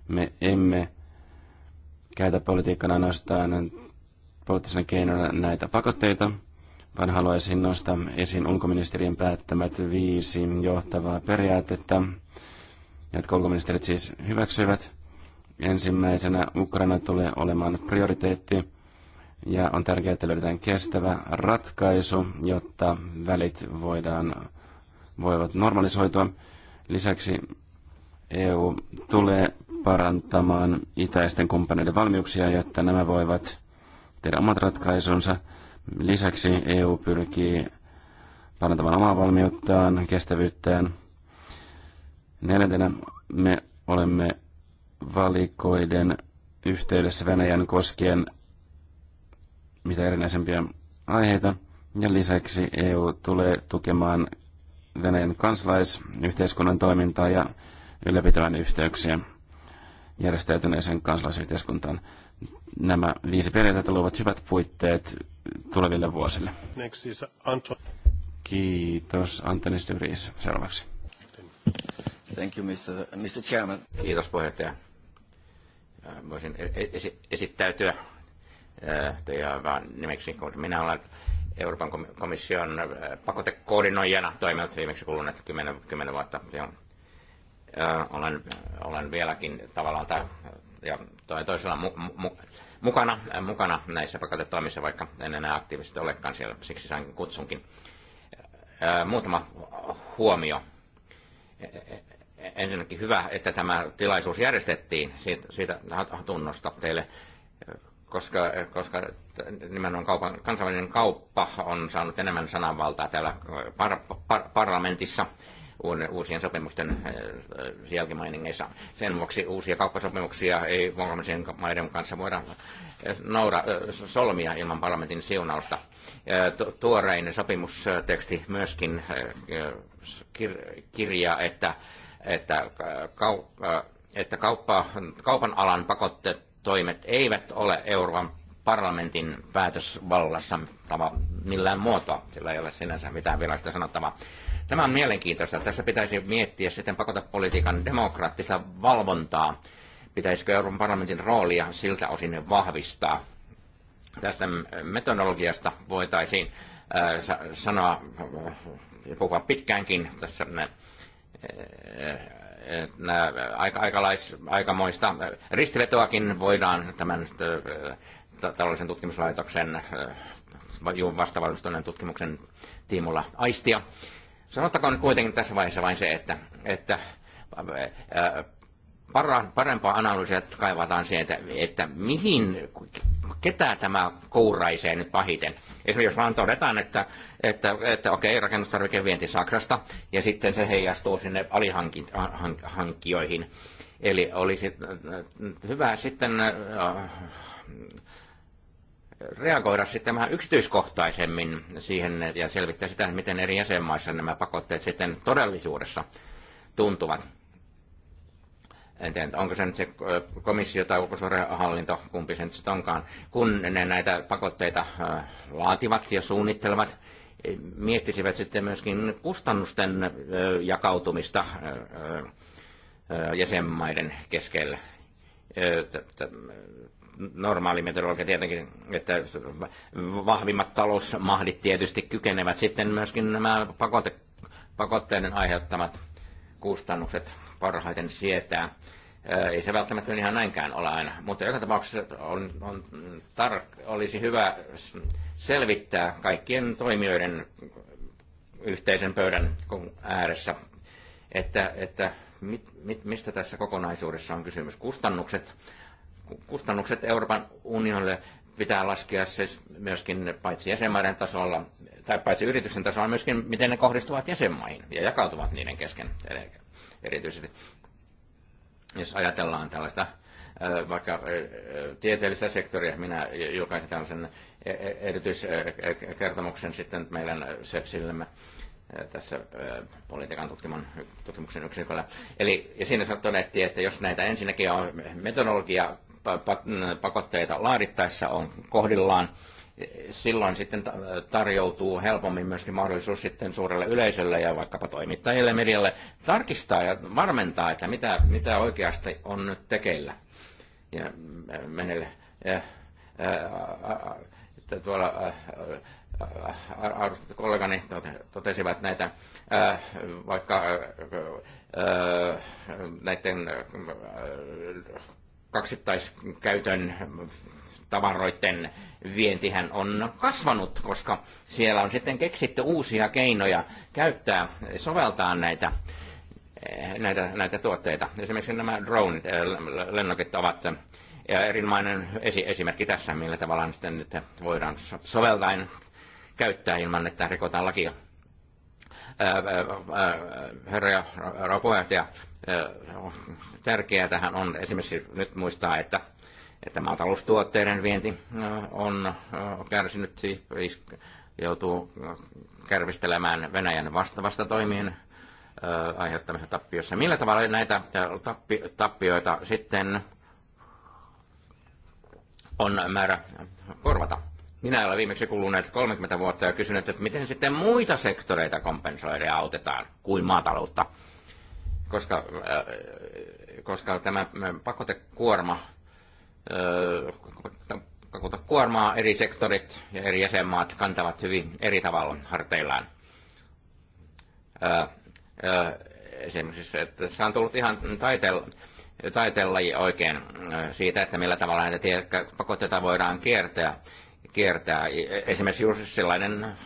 Me emme käytä politiikkana ainoastaan poliittisena keinona näitä pakotteita, vaan haluaisin nostaa esiin ulkoministerien päättämät viisi johtavaa periaatetta, jotka ulkoministerit siis hyväksyivät. Ensimmäisenä Ukraina tulee olemaan prioriteetti – ja on tärkeää, että löydetään kestävä ratkaisu, jotta välit voidaan, voivat normalisoitua. Lisäksi EU tulee parantamaan itäisten kumppaneiden valmiuksia, jotta nämä voivat tehdä omat ratkaisunsa. Lisäksi EU pyrkii parantamaan omaa valmiuttaan, kestävyyttään. Neljäntenä me olemme valikoiden yhteydessä Venäjän koskien mitä erinäisempiä aiheita. Ja lisäksi EU tulee tukemaan Venäjän kansalaisyhteiskunnan toimintaa ja ylläpitävän yhteyksiä järjestäytyneeseen kansalaisyhteiskuntaan. Nämä viisi periaatetta luovat hyvät puitteet tuleville vuosille. Next is Anto. Kiitos. Antoni Styris seuraavaksi. Thank you, Mr. Mr. Chairman. Kiitos puheenjohtaja. Voisin e- e- esittäytyä vaan nimeksi, kun minä olen Euroopan komission äh, pakotekoordinoijana toiminut viimeksi kuluneet 10, 10 vuotta. Ja, olen, olen vieläkin tavallaan tai, ja toi toisella mu, mu, mukana, äh, mukana näissä pakotetoimissa, vaikka en enää aktiivisesti olekaan siellä, siksi sain kutsunkin. Muutama huomio. E, e, e, ensinnäkin hyvä, että tämä tilaisuus järjestettiin, siitä, siitä tunnosta teille koska, koska nimenomaan kaupan, kansainvälinen kauppa on saanut enemmän sananvaltaa täällä eh, par, par, parlamentissa uusien sopimusten eh, jälkimainingeissa. Sen vuoksi uusia kauppasopimuksia ei kolmansien maiden kanssa voida eh, noura, solmia ilman parlamentin siunausta. Tuorein sopimusteksti myöskin kirjaa, että, että, kau, että kauppa, kaupan alan pakotteet toimet eivät ole Euroopan parlamentin päätösvallassa tava, millään muotoa. Sillä ei ole sinänsä mitään virallista sanottavaa. Tämä on mielenkiintoista. Tässä pitäisi miettiä sitten pakotepolitiikan demokraattista valvontaa. Pitäisikö Euroopan parlamentin roolia siltä osin vahvistaa? Tästä metodologiasta voitaisiin äh, sanoa äh, puhua pitkäänkin tässä äh, nämä aika, aikalais, aikamoista ristivetoakin voidaan tämän taloudellisen tutkimuslaitoksen vastavalmistuneen tutkimuksen tiimulla aistia. Sanottakoon kuitenkin tässä vaiheessa vain se, että, että parempaa analyysiä kaivataan sieltä, että mihin, ketä tämä kouraisee nyt pahiten. Esimerkiksi jos vaan todetaan, että, että, että okei, vienti Saksasta, ja sitten se heijastuu sinne alihankkijoihin. Eli olisi äh, hyvä sitten äh, reagoida sitten vähän yksityiskohtaisemmin siihen ja selvittää sitä, miten eri jäsenmaissa nämä pakotteet sitten todellisuudessa tuntuvat en tiedä, onko se nyt se komissio tai ulkosuorehallinto, kumpi se nyt onkaan, kun ne näitä pakotteita laativat ja suunnittelevat, e, miettisivät sitten myöskin kustannusten jakautumista jäsenmaiden keskellä. Normaali meteorologia tietenkin, että vahvimmat talousmahdit tietysti kykenevät sitten myöskin nämä pakotteiden aiheuttamat kustannukset parhaiten sietää. Ei se välttämättä ihan näinkään ole aina, mutta joka tapauksessa on, on tar- olisi hyvä selvittää kaikkien toimijoiden yhteisen pöydän ääressä, että, että mit, mit, mistä tässä kokonaisuudessa on kysymys. Kustannukset, kustannukset Euroopan unionille pitää laskea se myöskin paitsi jäsenmaiden tasolla, tai paitsi yritysten tasolla, myöskin miten ne kohdistuvat jäsenmaihin ja jakautuvat niiden kesken erityisesti. Jos ajatellaan tällaista vaikka tieteellistä sektoria, minä julkaisin tällaisen e, e, erityiskertomuksen sitten meidän SEPSillemme tässä politiikan tutkimuksen yksiköllä. Eli ja siinä todettiin, että jos näitä ensinnäkin on metodologia pakotteita laadittaessa on kohdillaan. Silloin sitten tarjoutuu helpommin myöskin mahdollisuus sitten suurelle yleisölle ja vaikkapa toimittajille, medialle tarkistaa ja varmentaa, että mitä, mitä oikeasti on nyt tekeillä. Ja menelle, ja, ja, tuolla arvostettu kollegani totesivat näitä vaikka näiden kaksittaiskäytön tavaroiden vientihän on kasvanut, koska siellä on sitten keksitty uusia keinoja käyttää, soveltaa näitä, eh, näitä, näitä tuotteita. Esimerkiksi nämä dronit, eh, lennokit ovat eh, erinomainen esimerkki tässä, millä tavalla sitten nyt voidaan soveltaen käyttää ilman, että rikotaan lakia. Herra ja puheenjohtaja, tärkeää tähän on esimerkiksi nyt muistaa, että, että maataloustuotteiden vienti on kärsinyt, siis, joutuu kärvistelemään Venäjän vastaavasta toimien aiheuttamissa tappiossa. Millä tavalla näitä tappioita sitten on määrä korvata? Minä olen viimeksi kuluneet 30 vuotta ja kysynyt, että miten sitten muita sektoreita kompensoida ja autetaan kuin maataloutta koska, äh, koska tämä äh, pakotekuorma äh, kuormaa eri sektorit ja eri jäsenmaat kantavat hyvin eri tavalla harteillaan. Esimerkiksi, että se on tullut ihan taiteella, taiteella oikein siitä, että millä tavalla näitä pakotteita voidaan kiertää kiertää. Esimerkiksi juuri sellainen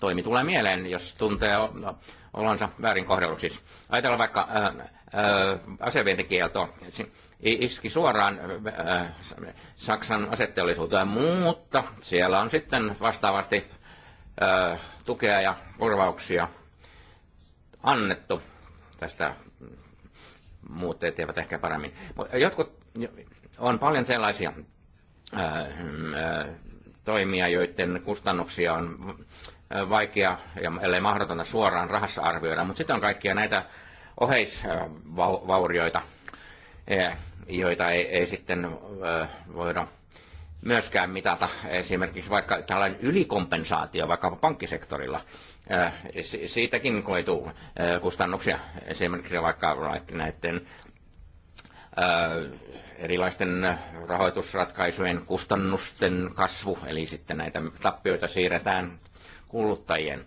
toimi tulee mieleen, jos tuntee no, olonsa väärin kohdelluksi. Siis ajatellaan vaikka asevientikielto iski suoraan Saksan asetteollisuuteen, mutta siellä on sitten vastaavasti tukea ja korvauksia annettu tästä muut eivät ehkä paremmin. Jotkut on paljon sellaisia Äh, äh, toimia, joiden kustannuksia on vaikea ja ellei mahdotonta suoraan rahassa arvioida, mutta sitten on kaikkia näitä oheisvaurioita, e, joita ei, ei sitten voida myöskään mitata. Esimerkiksi vaikka tällainen ylikompensaatio vaikka pankkisektorilla, siitäkin koituu kustannuksia esimerkiksi vaikka näiden Äh, erilaisten rahoitusratkaisujen kustannusten kasvu, eli sitten näitä tappioita siirretään kuluttajien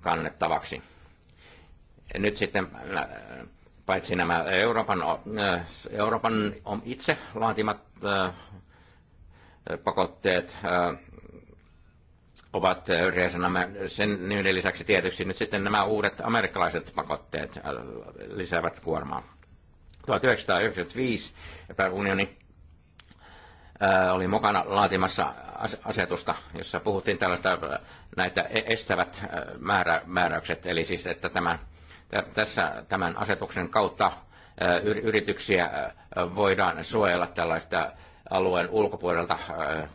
kannettavaksi. Nyt sitten äh, paitsi nämä Euroopan, äh, Euroopan itse laatimat pakotteet ovat yleisenä. Sen niiden lisäksi tietysti nyt sitten nämä uudet amerikkalaiset pakotteet lisäävät kuormaa 1995 Euroopan unioni oli mukana laatimassa asetusta, jossa puhuttiin tällaista näitä e-, estävät määräykset, eli siis että tämän, tässä tämän asetuksen kautta yrityksiä voidaan suojella tällaista alueen ulkopuolelta äh,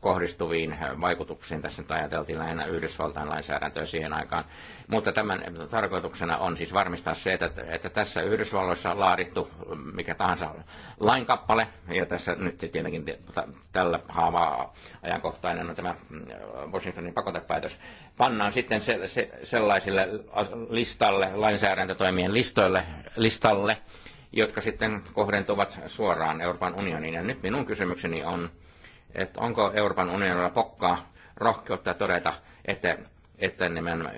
kohdistuviin äh, vaikutuksiin. Tässä nyt ajateltiin lähinnä Yhdysvaltain lainsäädäntöä siihen aikaan. Mutta tämän tarkoituksena on siis varmistaa se, että, että tässä Yhdysvalloissa laadittu mm, mikä tahansa lainkappale, ja tässä nyt tietenkin tällä haavaa ajankohtainen on tämä mm, Washingtonin pakotepäätös, pannaan sitten se, se, sellaisille listalle, lainsäädäntötoimien listoille, listalle, jotka sitten kohdentuvat suoraan Euroopan unioniin. Ja nyt minun kysymykseni on, että onko Euroopan unionilla pokkaa rohkeutta todeta, että, että nimenomaan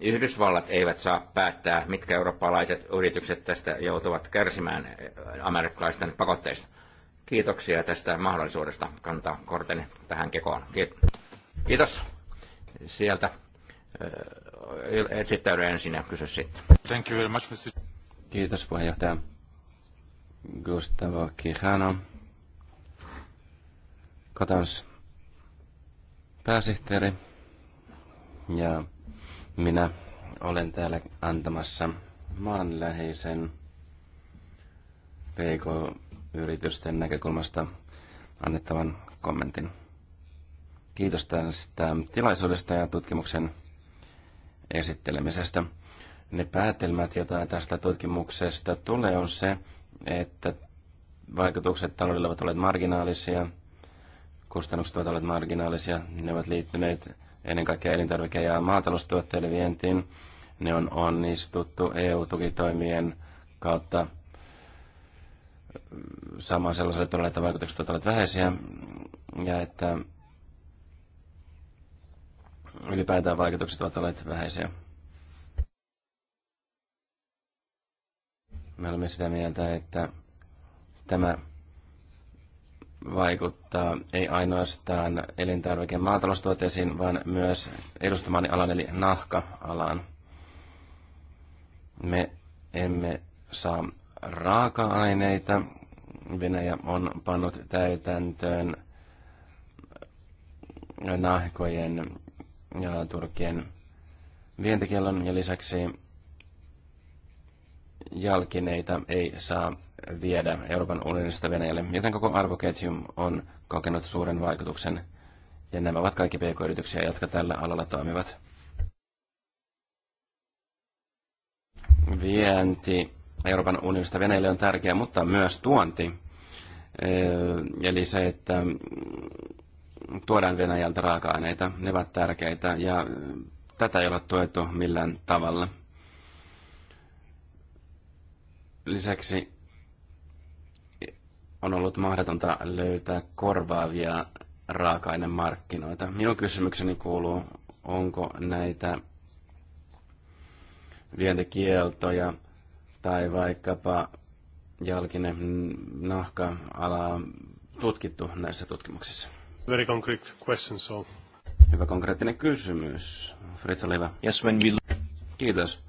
Yhdysvallat eivät saa päättää, mitkä eurooppalaiset yritykset tästä joutuvat kärsimään amerikkalaisten pakotteista. Kiitoksia tästä mahdollisuudesta kantaa korteni tähän kekoon. Kiitos. Sieltä etsittäydy ensin ja kysy sitten. Thank you very much, Mr. Kiitos puheenjohtaja. Gustavo Quijano, Kotans pääsihteeri, ja minä olen täällä antamassa maanläheisen PK-yritysten näkökulmasta annettavan kommentin. Kiitos tästä tilaisuudesta ja tutkimuksen esittelemisestä. Ne päätelmät, joita tästä tutkimuksesta tulee, on se, että vaikutukset taloudelle ovat olleet marginaalisia, kustannukset ovat olleet marginaalisia, ne ovat liittyneet ennen kaikkea elintarvike- ja maataloustuotteiden vientiin. Ne on onnistuttu EU-tukitoimien kautta samaan sellaiselle tavalla, että vaikutukset ovat olleet vähäisiä ja että ylipäätään vaikutukset ovat olleet vähäisiä. Me olemme sitä mieltä, että tämä vaikuttaa ei ainoastaan elintarvike- maataloustuotteisiin, vaan myös edustamani alan eli nahka-alaan. Me emme saa raaka-aineita. Venäjä on pannut täytäntöön nahkojen ja turkien vientikielon ja lisäksi jalkineita ei saa viedä Euroopan unionista Venäjälle, joten koko arvoketju on kokenut suuren vaikutuksen. Ja nämä ovat kaikki pk-yrityksiä, jotka tällä alalla toimivat. Vienti Euroopan unionista Venäjälle on tärkeä, mutta myös tuonti. Eli se, että tuodaan Venäjältä raaka-aineita, ne ovat tärkeitä ja tätä ei ole tuettu millään tavalla – Lisäksi on ollut mahdotonta löytää korvaavia raaka-ainemarkkinoita. Minun kysymykseni kuuluu, onko näitä vientikieltoja tai vaikkapa jalkinen nahka-alaa tutkittu näissä tutkimuksissa? Very concrete question, so. Hyvä konkreettinen kysymys. Fritz, Oliva. Yes, when we... Kiitos.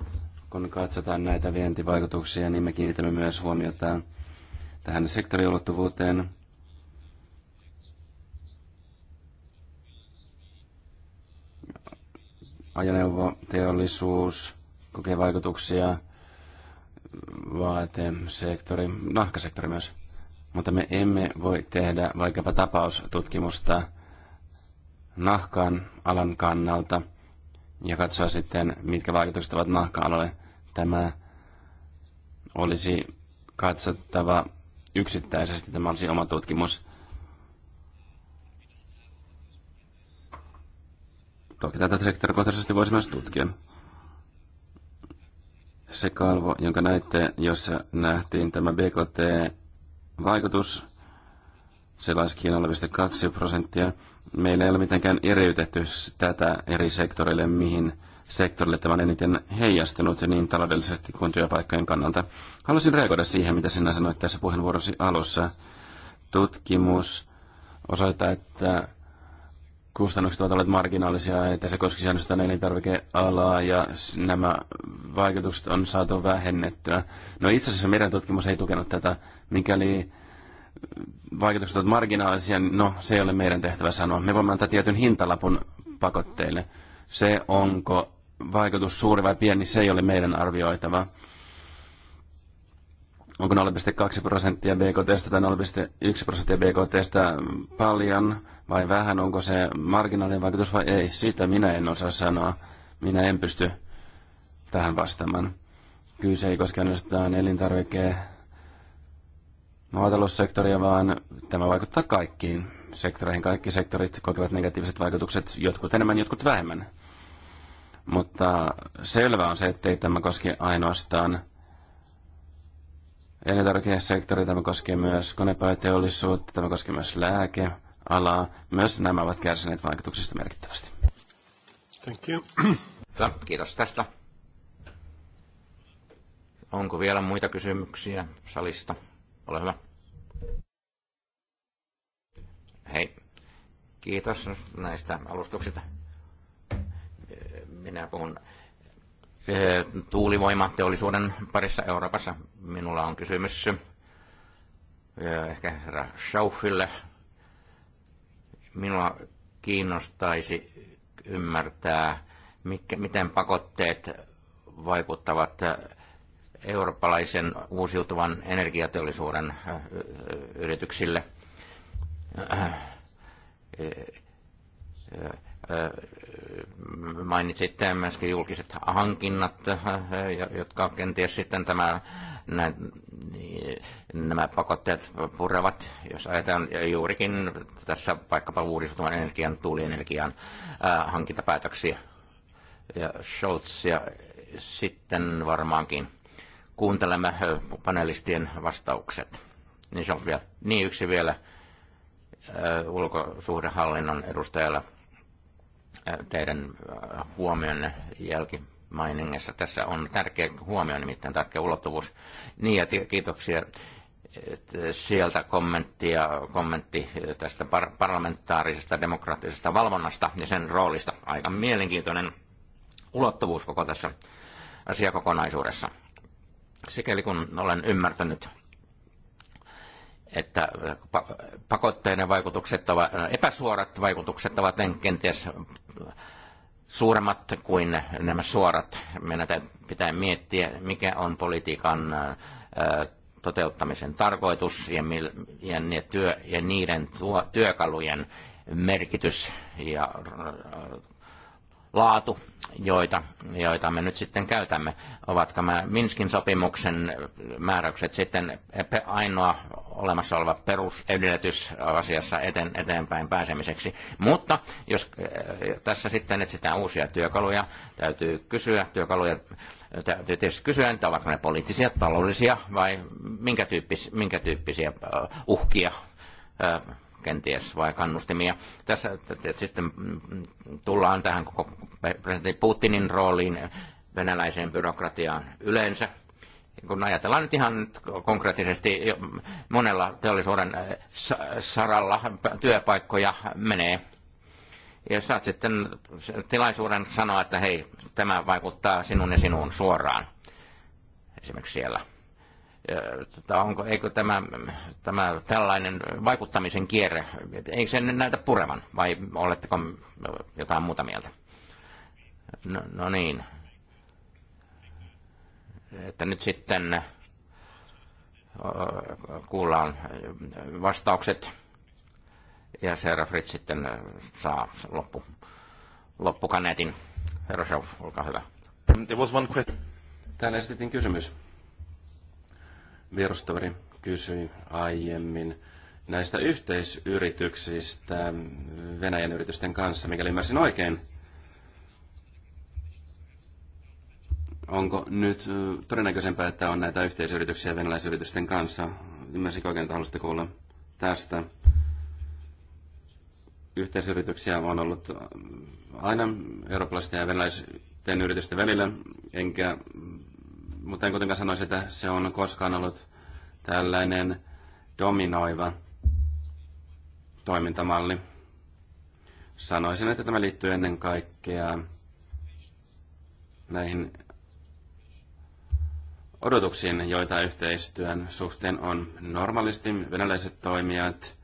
Kun katsotaan näitä vientivaikutuksia, niin me kiinnitämme myös huomiota tähän sektoriulottuvuuteen. Ajoneuvoteollisuus kokee vaikutuksia, vaatesektori, nahkasektori myös. Mutta me emme voi tehdä vaikkapa tapaustutkimusta nahkan alan kannalta ja katsoa sitten, mitkä vaikutukset ovat nahka-alalle. Tämä olisi katsottava yksittäisesti, tämä olisi oma tutkimus. Toki tätä sektorikohtaisesti voisi myös tutkia. Se kalvo, jonka näitte, jossa nähtiin tämä BKT-vaikutus, se laski 0,2 prosenttia. Meillä ei ole mitenkään eriytetty tätä eri sektoreille, mihin sektorille tämä on eniten heijastunut niin taloudellisesti kuin työpaikkojen kannalta. Haluaisin reagoida siihen, mitä sinä sanoit tässä puheenvuorosi alussa. Tutkimus osoittaa, että kustannukset ovat olleet marginaalisia, että se koskisi ainoastaan elintarvikealaa ja nämä vaikutukset on saatu vähennettyä. No itse asiassa meidän tutkimus ei tukenut tätä, mikäli vaikutukset ovat marginaalisia, no se ei ole meidän tehtävä sanoa. Me voimme antaa tietyn hintalapun pakotteille. Se, onko vaikutus suuri vai pieni, se ei ole meidän arvioitava. Onko 0,2 prosenttia BKTstä tai 0,1 prosenttia BKTstä paljon vai vähän? Onko se marginaalinen vaikutus vai ei? Sitä minä en osaa sanoa. Minä en pysty tähän vastaamaan. Kyse ei koske ainoastaan elintarvikkeen maataloussektoria, vaan tämä vaikuttaa kaikkiin sektoreihin. Kaikki sektorit kokevat negatiiviset vaikutukset, jotkut enemmän, jotkut vähemmän. Mutta selvä on se, ettei tämä koske ainoastaan elintarvikesektori, tämä koskee myös konepäiteollisuutta, tämä koskee myös lääkealaa. Myös nämä ovat kärsineet vaikutuksista merkittävästi. Thank you. Kiitos tästä. Onko vielä muita kysymyksiä salista? Ole hyvä. Hei. Kiitos näistä alustuksista. Minä puhun eh, tuulivoimateollisuuden parissa Euroopassa. Minulla on kysymys eh, ehkä herra Schauffille. Minua kiinnostaisi ymmärtää, mikä, miten pakotteet vaikuttavat eh, eurooppalaisen uusiutuvan energiateollisuuden yrityksille mainitsitte myöskin julkiset hankinnat, eh, jotka kenties sitten tämä, nä, nämä pakotteet purevat, jos ajatellaan juurikin tässä vaikkapa uudistuvan energian, tuulienergian äh, hankintapäätöksiä ja Scholz ja sitten varmaankin kuuntelemme eh, panelistien vastaukset. Niin, se on vielä. niin yksi vielä ulkosuhdehallinnon edustajalla Äh, teidän äh, huomion jälkimainingessa. Tässä on tärkeä huomio, nimittäin tärkeä ulottuvuus. Niin, ja kiitoksia sieltä kommenttia, kommentti tästä par- parlamentaarisesta demokraattisesta valvonnasta ja sen roolista. Aika mielenkiintoinen ulottuvuus koko tässä asiakokonaisuudessa. Sikäli kun olen ymmärtänyt että äh, pakotteiden vaikutukset ovat, äh, epäsuorat vaikutukset ovat kenties äh, suuremmat kuin nämä suorat. Meidän pitää miettiä, mikä on politiikan toteuttamisen tarkoitus ja, ja, työ, ja niiden tuo, työkalujen merkitys ja laatu, joita, joita me nyt sitten käytämme. Ovatko mä Minskin sopimuksen määräykset sitten ainoa olemassa oleva perusedellytys asiassa eten, eteenpäin pääsemiseksi. Mutta jos äh, tässä sitten etsitään uusia työkaluja, täytyy kysyä, työkaluja täytyy tietysti kysyä, että ovatko ne poliittisia, taloudellisia vai minkä, tyyppis, minkä tyyppisiä äh, uhkia äh, kenties vai kannustimia. Tässä sitten tullaan tähän koko presidentti Putinin rooliin venäläiseen byrokratiaan yleensä. Kun ajatellaan nyt ihan konkreettisesti, monella teollisuuden äh, saralla työpaikkoja menee ja saat sitten tilaisuuden sanoa, että hei, tämä vaikuttaa sinun ja sinuun suoraan, esimerkiksi siellä että onko, eikö tämä, tämä tällainen vaikuttamisen kierre, eikö se näytä purevan, vai oletteko jotain muuta mieltä? No, no niin. Että nyt sitten kuullaan vastaukset, ja Seera Fritz sitten saa loppu, loppukaneetin. Herra Schauf, olkaa hyvä. There was one question. Täällä esitettiin kysymys Virustori kysyi aiemmin näistä yhteisyrityksistä Venäjän yritysten kanssa, mikäli ymmärsin oikein. Onko nyt todennäköisempää, että on näitä yhteisyrityksiä venäläisyritysten kanssa? Ymmärsinkö oikein, että haluaisitte kuulla tästä? Yhteisyrityksiä on ollut aina eurooppalaisten ja venäläisten yritysten välillä, enkä mutta en kuitenkaan sanoisi, että se on koskaan ollut tällainen dominoiva toimintamalli. Sanoisin, että tämä liittyy ennen kaikkea näihin odotuksiin, joita yhteistyön suhteen on. Normaalisti venäläiset toimijat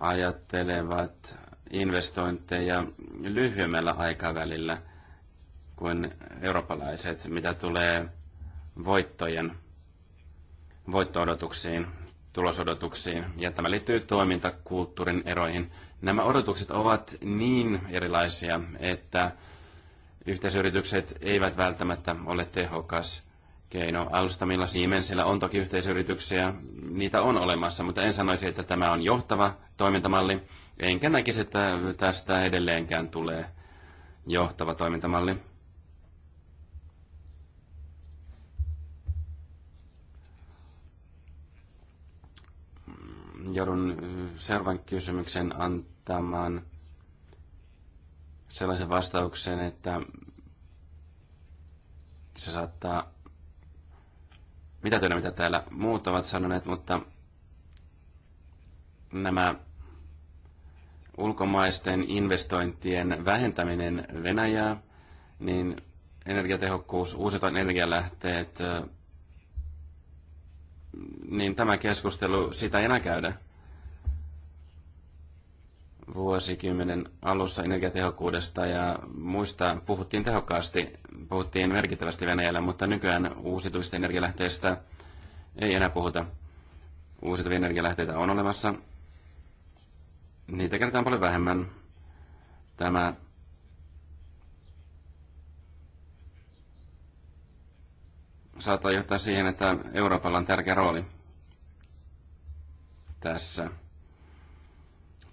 ajattelevat investointeja lyhyemmällä aikavälillä kuin eurooppalaiset, mitä tulee voittojen, voittoodotuksiin, tulosodotuksiin, ja tämä liittyy toimintakulttuurin eroihin. Nämä odotukset ovat niin erilaisia, että yhteisyritykset eivät välttämättä ole tehokas keino. Alustamilla Siemensillä on toki yhteisyrityksiä, niitä on olemassa, mutta en sanoisi, että tämä on johtava toimintamalli, enkä näkisi, että tästä edelleenkään tulee johtava toimintamalli. joudun seuraavan kysymyksen antamaan sellaisen vastauksen, että se saattaa mitä työnä mitä täällä muut ovat sanoneet, mutta nämä ulkomaisten investointien vähentäminen Venäjää, niin energiatehokkuus, uusiutuvat energialähteet, niin tämä keskustelu, sitä ei enää käydä. Vuosikymmenen alussa energiatehokkuudesta ja muista puhuttiin tehokkaasti, puhuttiin merkittävästi Venäjällä, mutta nykyään uusituvista energialähteistä ei enää puhuta. Uusituvia energialähteitä on olemassa. Niitä kertaan paljon vähemmän. Tämä saattaa johtaa siihen, että Euroopalla on tärkeä rooli tässä.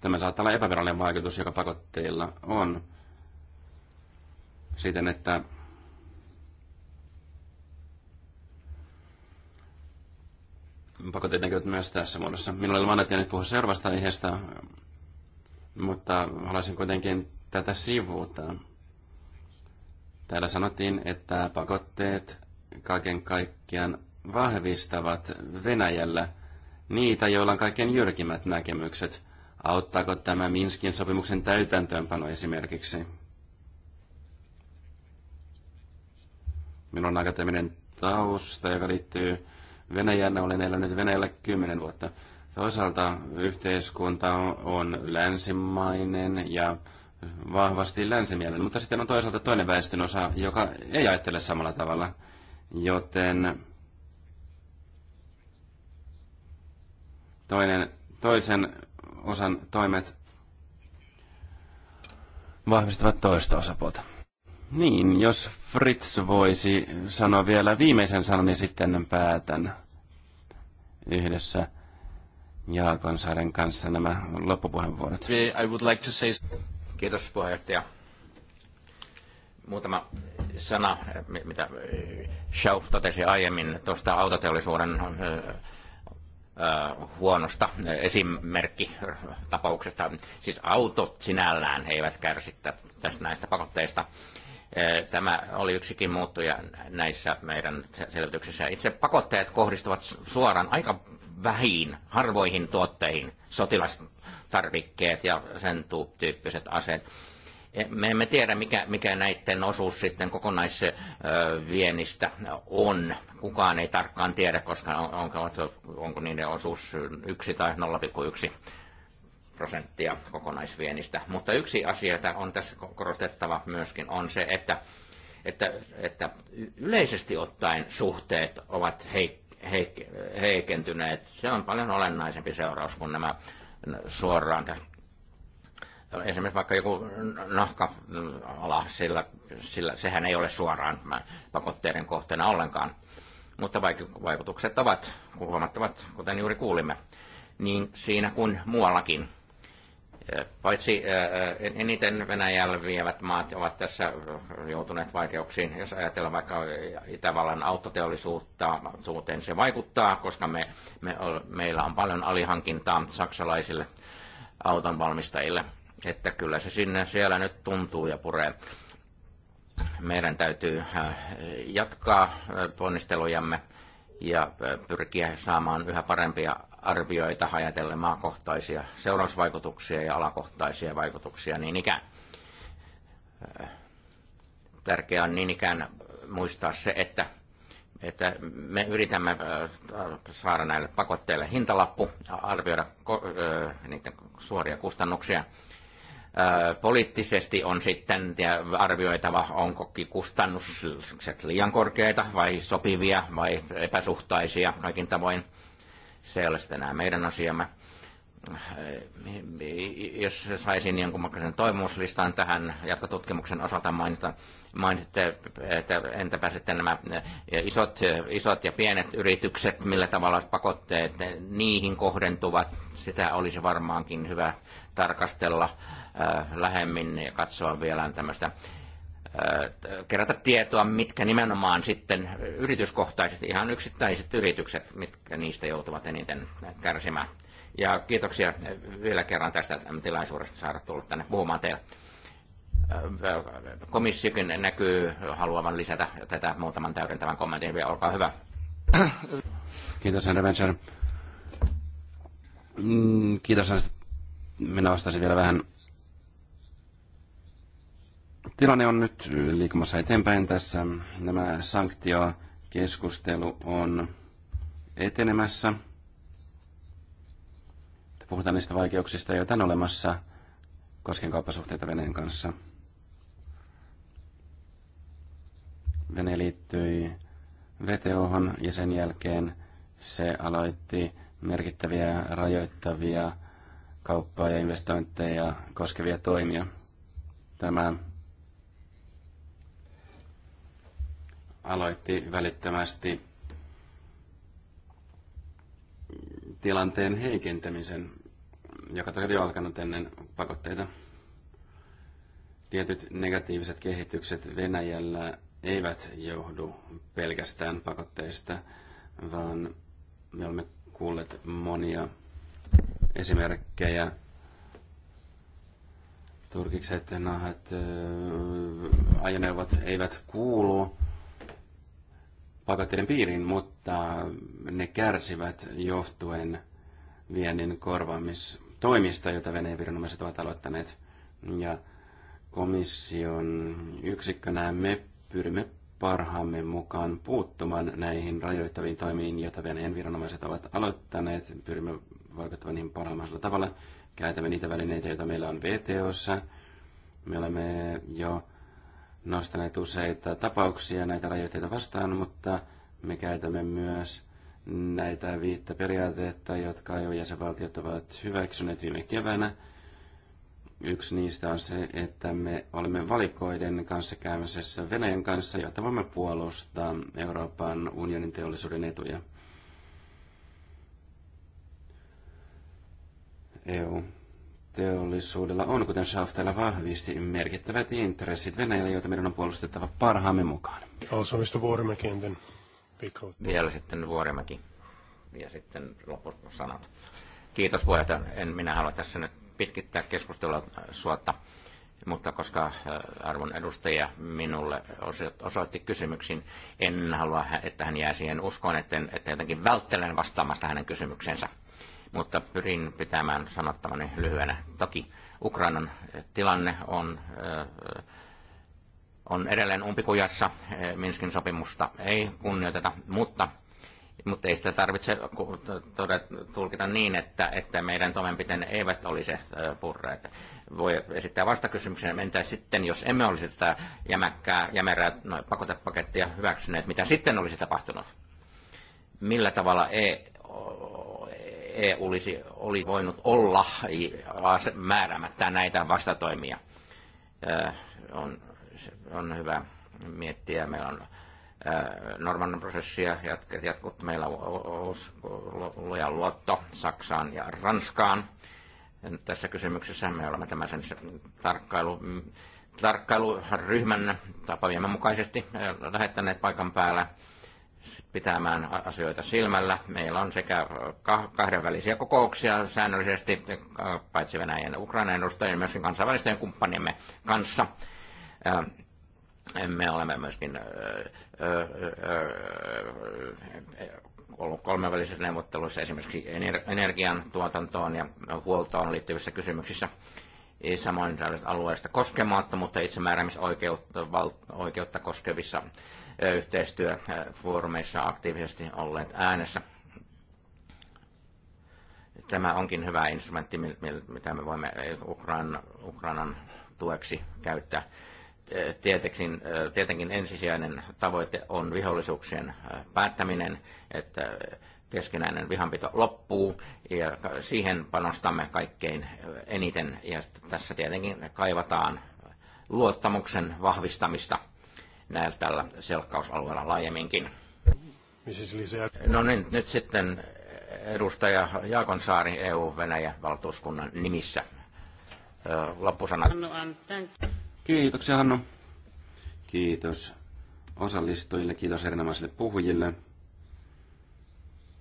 Tämä saattaa olla epävirallinen vaikutus, joka pakotteilla on siten, että pakotteet näkyvät myös tässä muodossa. Minulla ei ole annettu nyt puhua seuraavasta aiheesta, mutta haluaisin kuitenkin tätä sivuuta. Täällä sanottiin, että pakotteet kaiken kaikkiaan vahvistavat Venäjällä niitä, joilla on kaikkein jyrkimmät näkemykset. Auttaako tämä Minskin sopimuksen täytäntöönpano esimerkiksi? Minulla on akateeminen tausta, joka liittyy Venäjään. Olen elänyt Venäjällä kymmenen vuotta. Toisaalta yhteiskunta on länsimainen ja vahvasti länsimielinen, mutta sitten on toisaalta toinen väestönosa, joka ei ajattele samalla tavalla joten toinen, toisen osan toimet vahvistavat toista osapuolta. Niin, jos Fritz voisi sanoa vielä viimeisen sanan, niin sitten päätän yhdessä Jaakonsaaren kanssa nämä loppupuheenvuorot. I would like to say... Kiitos puheenjohtaja. Muutama sana, mitä Shaw eh, totesi aiemmin tuosta autoteollisuuden eh, eh, huonosta esimerkkitapauksesta. Siis autot sinällään he eivät kärsi tästä näistä pakotteista. Tämä oli yksikin muuttuja näissä meidän selvityksissä. Itse pakotteet kohdistuvat suoraan aika vähin, harvoihin tuotteihin, sotilastarvikkeet ja sen tyyppiset aseet me emme tiedä, mikä, mikä näiden osuus sitten kokonaisviennistä on. Kukaan ei tarkkaan tiedä, koska on, onko, onko niiden osuus 1 tai 0,1 prosenttia kokonaisviennistä. Mutta yksi asia, jota on tässä korostettava myöskin, on se, että, että, että yleisesti ottaen suhteet ovat heik, heik, heikentyneet. Se on paljon olennaisempi seuraus kuin nämä suoraan esimerkiksi vaikka joku nahkaala, mm, sillä, sillä, sehän ei ole suoraan pakotteiden kohteena ollenkaan, mutta vaikutukset ovat huomattavat, kuten juuri kuulimme, niin siinä kuin muuallakin. Paitsi eniten Venäjällä vievät maat ovat tässä joutuneet vaikeuksiin. Jos ajatellaan vaikka Itävallan autoteollisuutta, suuteen se vaikuttaa, koska me, me, meillä on paljon alihankintaa saksalaisille auton valmistajille että kyllä se sinne siellä nyt tuntuu ja puree. Meidän täytyy äh, jatkaa äh, ponnistelujamme ja äh, pyrkiä saamaan yhä parempia arvioita ajatellen maakohtaisia seurausvaikutuksia ja alakohtaisia vaikutuksia niin ikään. Tärkeää on niin ikään muistaa se, että, että me yritämme saada näille pakotteille hintalappu, arvioida niiden suoria kustannuksia – poliittisesti on sitten arvioitava, onko kustannukset liian korkeita vai sopivia vai epäsuhtaisia kaikin tavoin. Se ei ole sitten enää meidän asiamme. Jos saisin jonkunlaisen toivomuslistan tähän jatkotutkimuksen osalta mainita, mainitte, että entäpä sitten nämä isot, isot ja pienet yritykset, millä tavalla pakotteet niihin kohdentuvat, sitä olisi varmaankin hyvä tarkastella äh, lähemmin ja katsoa vielä tämmöistä äh, kerätä tietoa, mitkä nimenomaan sitten yrityskohtaiset, ihan yksittäiset yritykset, mitkä niistä joutuvat eniten kärsimään. Ja kiitoksia vielä kerran tästä tilaisuudesta saada tulla tänne puhumaan teille. Äh, komissiokin näkyy haluavan lisätä tätä muutaman täydentävän kommentin vielä. Olkaa hyvä. Kiitos, Herra mm, Kiitos näistä minä vastaisin vielä vähän. Tilanne on nyt liikumassa eteenpäin tässä. Nämä sanktiokeskustelu on etenemässä. Puhutaan niistä vaikeuksista, joita on olemassa kosken kauppasuhteita Venäjän kanssa. Vene liittyi VTO-hon ja sen jälkeen se aloitti merkittäviä rajoittavia kauppaa ja investointeja koskevia toimia. Tämä aloitti välittömästi tilanteen heikentämisen, joka oli jo alkanut ennen pakotteita. Tietyt negatiiviset kehitykset Venäjällä eivät johdu pelkästään pakotteista, vaan me olemme kuulleet monia esimerkkejä. Turkikset, nahat, ajoneuvot eivät kuulu pakotteiden piiriin, mutta ne kärsivät johtuen viennin korvaamistoimista, joita Venäjän viranomaiset ovat aloittaneet. Ja komission yksikkönä me pyrimme parhaamme mukaan puuttumaan näihin rajoittaviin toimiin, joita Venäjän viranomaiset ovat aloittaneet. Pyrimme vaikuttava niin parhaalla tavalla. Käytämme niitä välineitä, joita meillä on VTOssa. Me olemme jo nostaneet useita tapauksia näitä rajoitteita vastaan, mutta me käytämme myös näitä viittä periaatetta, jotka jo jäsenvaltiot ovat hyväksyneet viime keväänä. Yksi niistä on se, että me olemme valikoiden kanssa käymisessä Venäjän kanssa, jotta voimme puolustaa Euroopan unionin teollisuuden etuja. EU-teollisuudella on, kuten Schafteella vahvisti, merkittävät intressit Venäjällä, joita meidän on puolustettava parhaamme mukaan. Osallista Vuorimäkienten Vielä sitten Vuorimäki ja sitten loput sanat. Kiitos puheenjohtaja. En minä halua tässä nyt pitkittää keskustelua äh, suotta, mutta koska äh, arvon edustaja minulle osoitti kysymyksiin en halua, että hän jää siihen uskoon, että, että jotenkin välttelen vastaamasta hänen kysymyksensä mutta pyrin pitämään sanottamani lyhyenä. Toki Ukrainan tilanne on, äh, on edelleen umpikujassa. Minskin sopimusta ei kunnioiteta, mutta mutta ei sitä tarvitse tulkita niin, että, että meidän toimenpiteen eivät olisi äh, purreet. Voi esittää vastakysymyksen, entä sitten, jos emme olisi tätä jämäkkää, jämerää no, pakotepakettia hyväksyneet, mitä sitten olisi tapahtunut? Millä tavalla ei, EU olisi, oli voinut olla määräämättä näitä vastatoimia. On, on hyvä miettiä. Meillä on Normannan prosessia jatkut. Meillä on luja luotto Saksaan ja Ranskaan. Tässä kysymyksessä me olemme tämän sen tarkkailu, mm, tarkkailuryhmän tapaviemme mukaisesti lähettäneet paikan päällä pitämään asioita silmällä. Meillä on sekä kahdenvälisiä kokouksia säännöllisesti, paitsi Venäjän ja Ukrainan edustajien, niin myöskin kansainvälisten kumppanimme kanssa. Me olemme myöskin ollut kolmenvälisissä neuvotteluissa esimerkiksi energian tuotantoon ja huoltoon liittyvissä kysymyksissä samoin alueesta koskemaatta, mutta itsemääräämisoikeutta oikeutta koskevissa yhteistyöfoorumeissa aktiivisesti olleet äänessä. Tämä onkin hyvä instrumentti, mitä me voimme Ukrainan, Ukrainan tueksi käyttää. Tietenkin, tietenkin ensisijainen tavoite on vihollisuuksien päättäminen, että keskinäinen vihanpito loppuu ja siihen panostamme kaikkein eniten ja tässä tietenkin kaivataan luottamuksen vahvistamista – näillä tällä selkkausalueella laajemminkin. No niin, nyt sitten edustaja Saari EU-Venäjä-valtuuskunnan nimissä. Loppusana. Kiitoksia Hannu. Kiitos osallistujille, kiitos erinomaisille puhujille.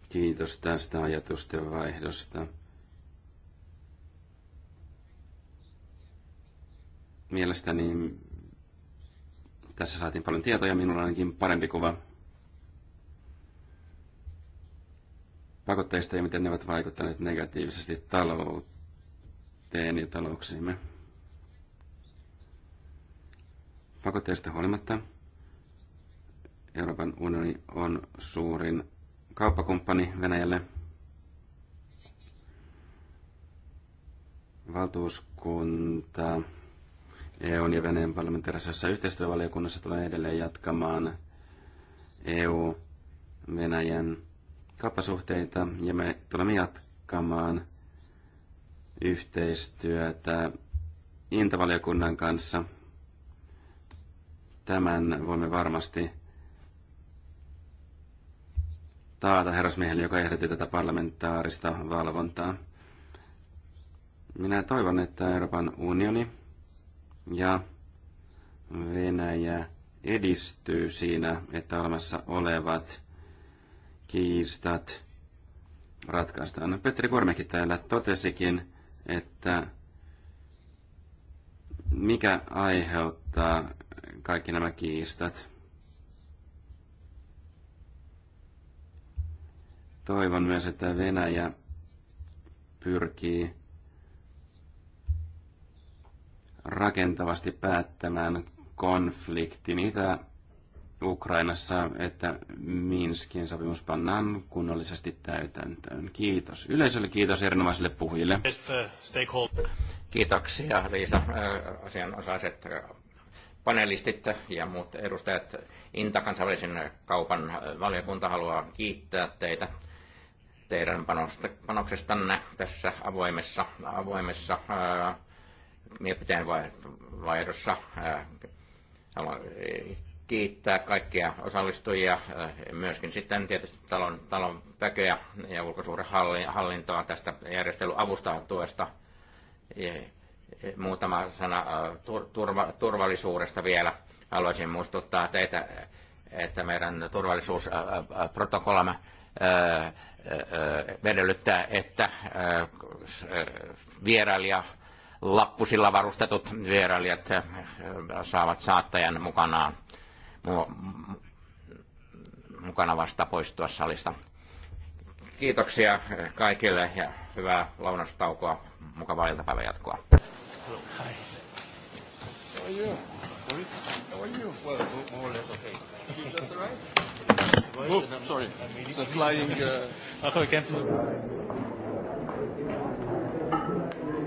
Kiitos tästä ajatusten vaihdosta. Mielestäni tässä saatiin paljon tietoja, minulla ainakin parempi kuva pakotteista ja miten ne ovat vaikuttaneet negatiivisesti talouteen ja talouksiimme. Pakotteista huolimatta Euroopan unioni on suurin kauppakumppani Venäjälle. Valtuuskunta EUn ja Venäjän parlamentaarisessa yhteistyövaliokunnassa tulee edelleen jatkamaan EU-Venäjän kauppasuhteita ja me tulemme jatkamaan yhteistyötä Intavaliokunnan kanssa. Tämän voimme varmasti taata herrasmiehelle, joka ehdotti tätä parlamentaarista valvontaa. Minä toivon, että Euroopan unioni ja Venäjä edistyy siinä, että olemassa olevat kiistat ratkaistaan. No, Petri Kormekin täällä totesikin, että mikä aiheuttaa kaikki nämä kiistat. Toivon myös, että Venäjä pyrkii rakentavasti päättämään konfliktin itä Ukrainassa, että Minskin sopimus pannaan kunnollisesti täytäntöön. Kiitos yleisölle, kiitos erinomaisille puhujille. Kiitoksia Liisa, äh, asianosaiset äh, panelistit ja muut edustajat. Inta kansainvälisen kaupan äh, valiokunta haluaa kiittää teitä teidän panoksestanne tässä avoimessa, avoimessa ää, mielipiteen vaihdossa. Haluan eh, kiittää kaikkia osallistujia, myöskin sitten tietysti talon, talon väkeä ja ulkosuhdehallintoa tästä järjestelyavusta tuesta. Eh, muutama sana turva, turvallisuudesta vielä. Haluaisin muistuttaa teitä, että meidän turvallisuusprotokollamme edellyttää, että vierailija lappusilla varustetut vierailijat saavat saattajan mukanaan, mukana vasta poistua salista. Kiitoksia kaikille ja hyvää lounastaukoa, mukavaa iltapäivän jatkoa. Oh, sorry. It's a flying... Uh...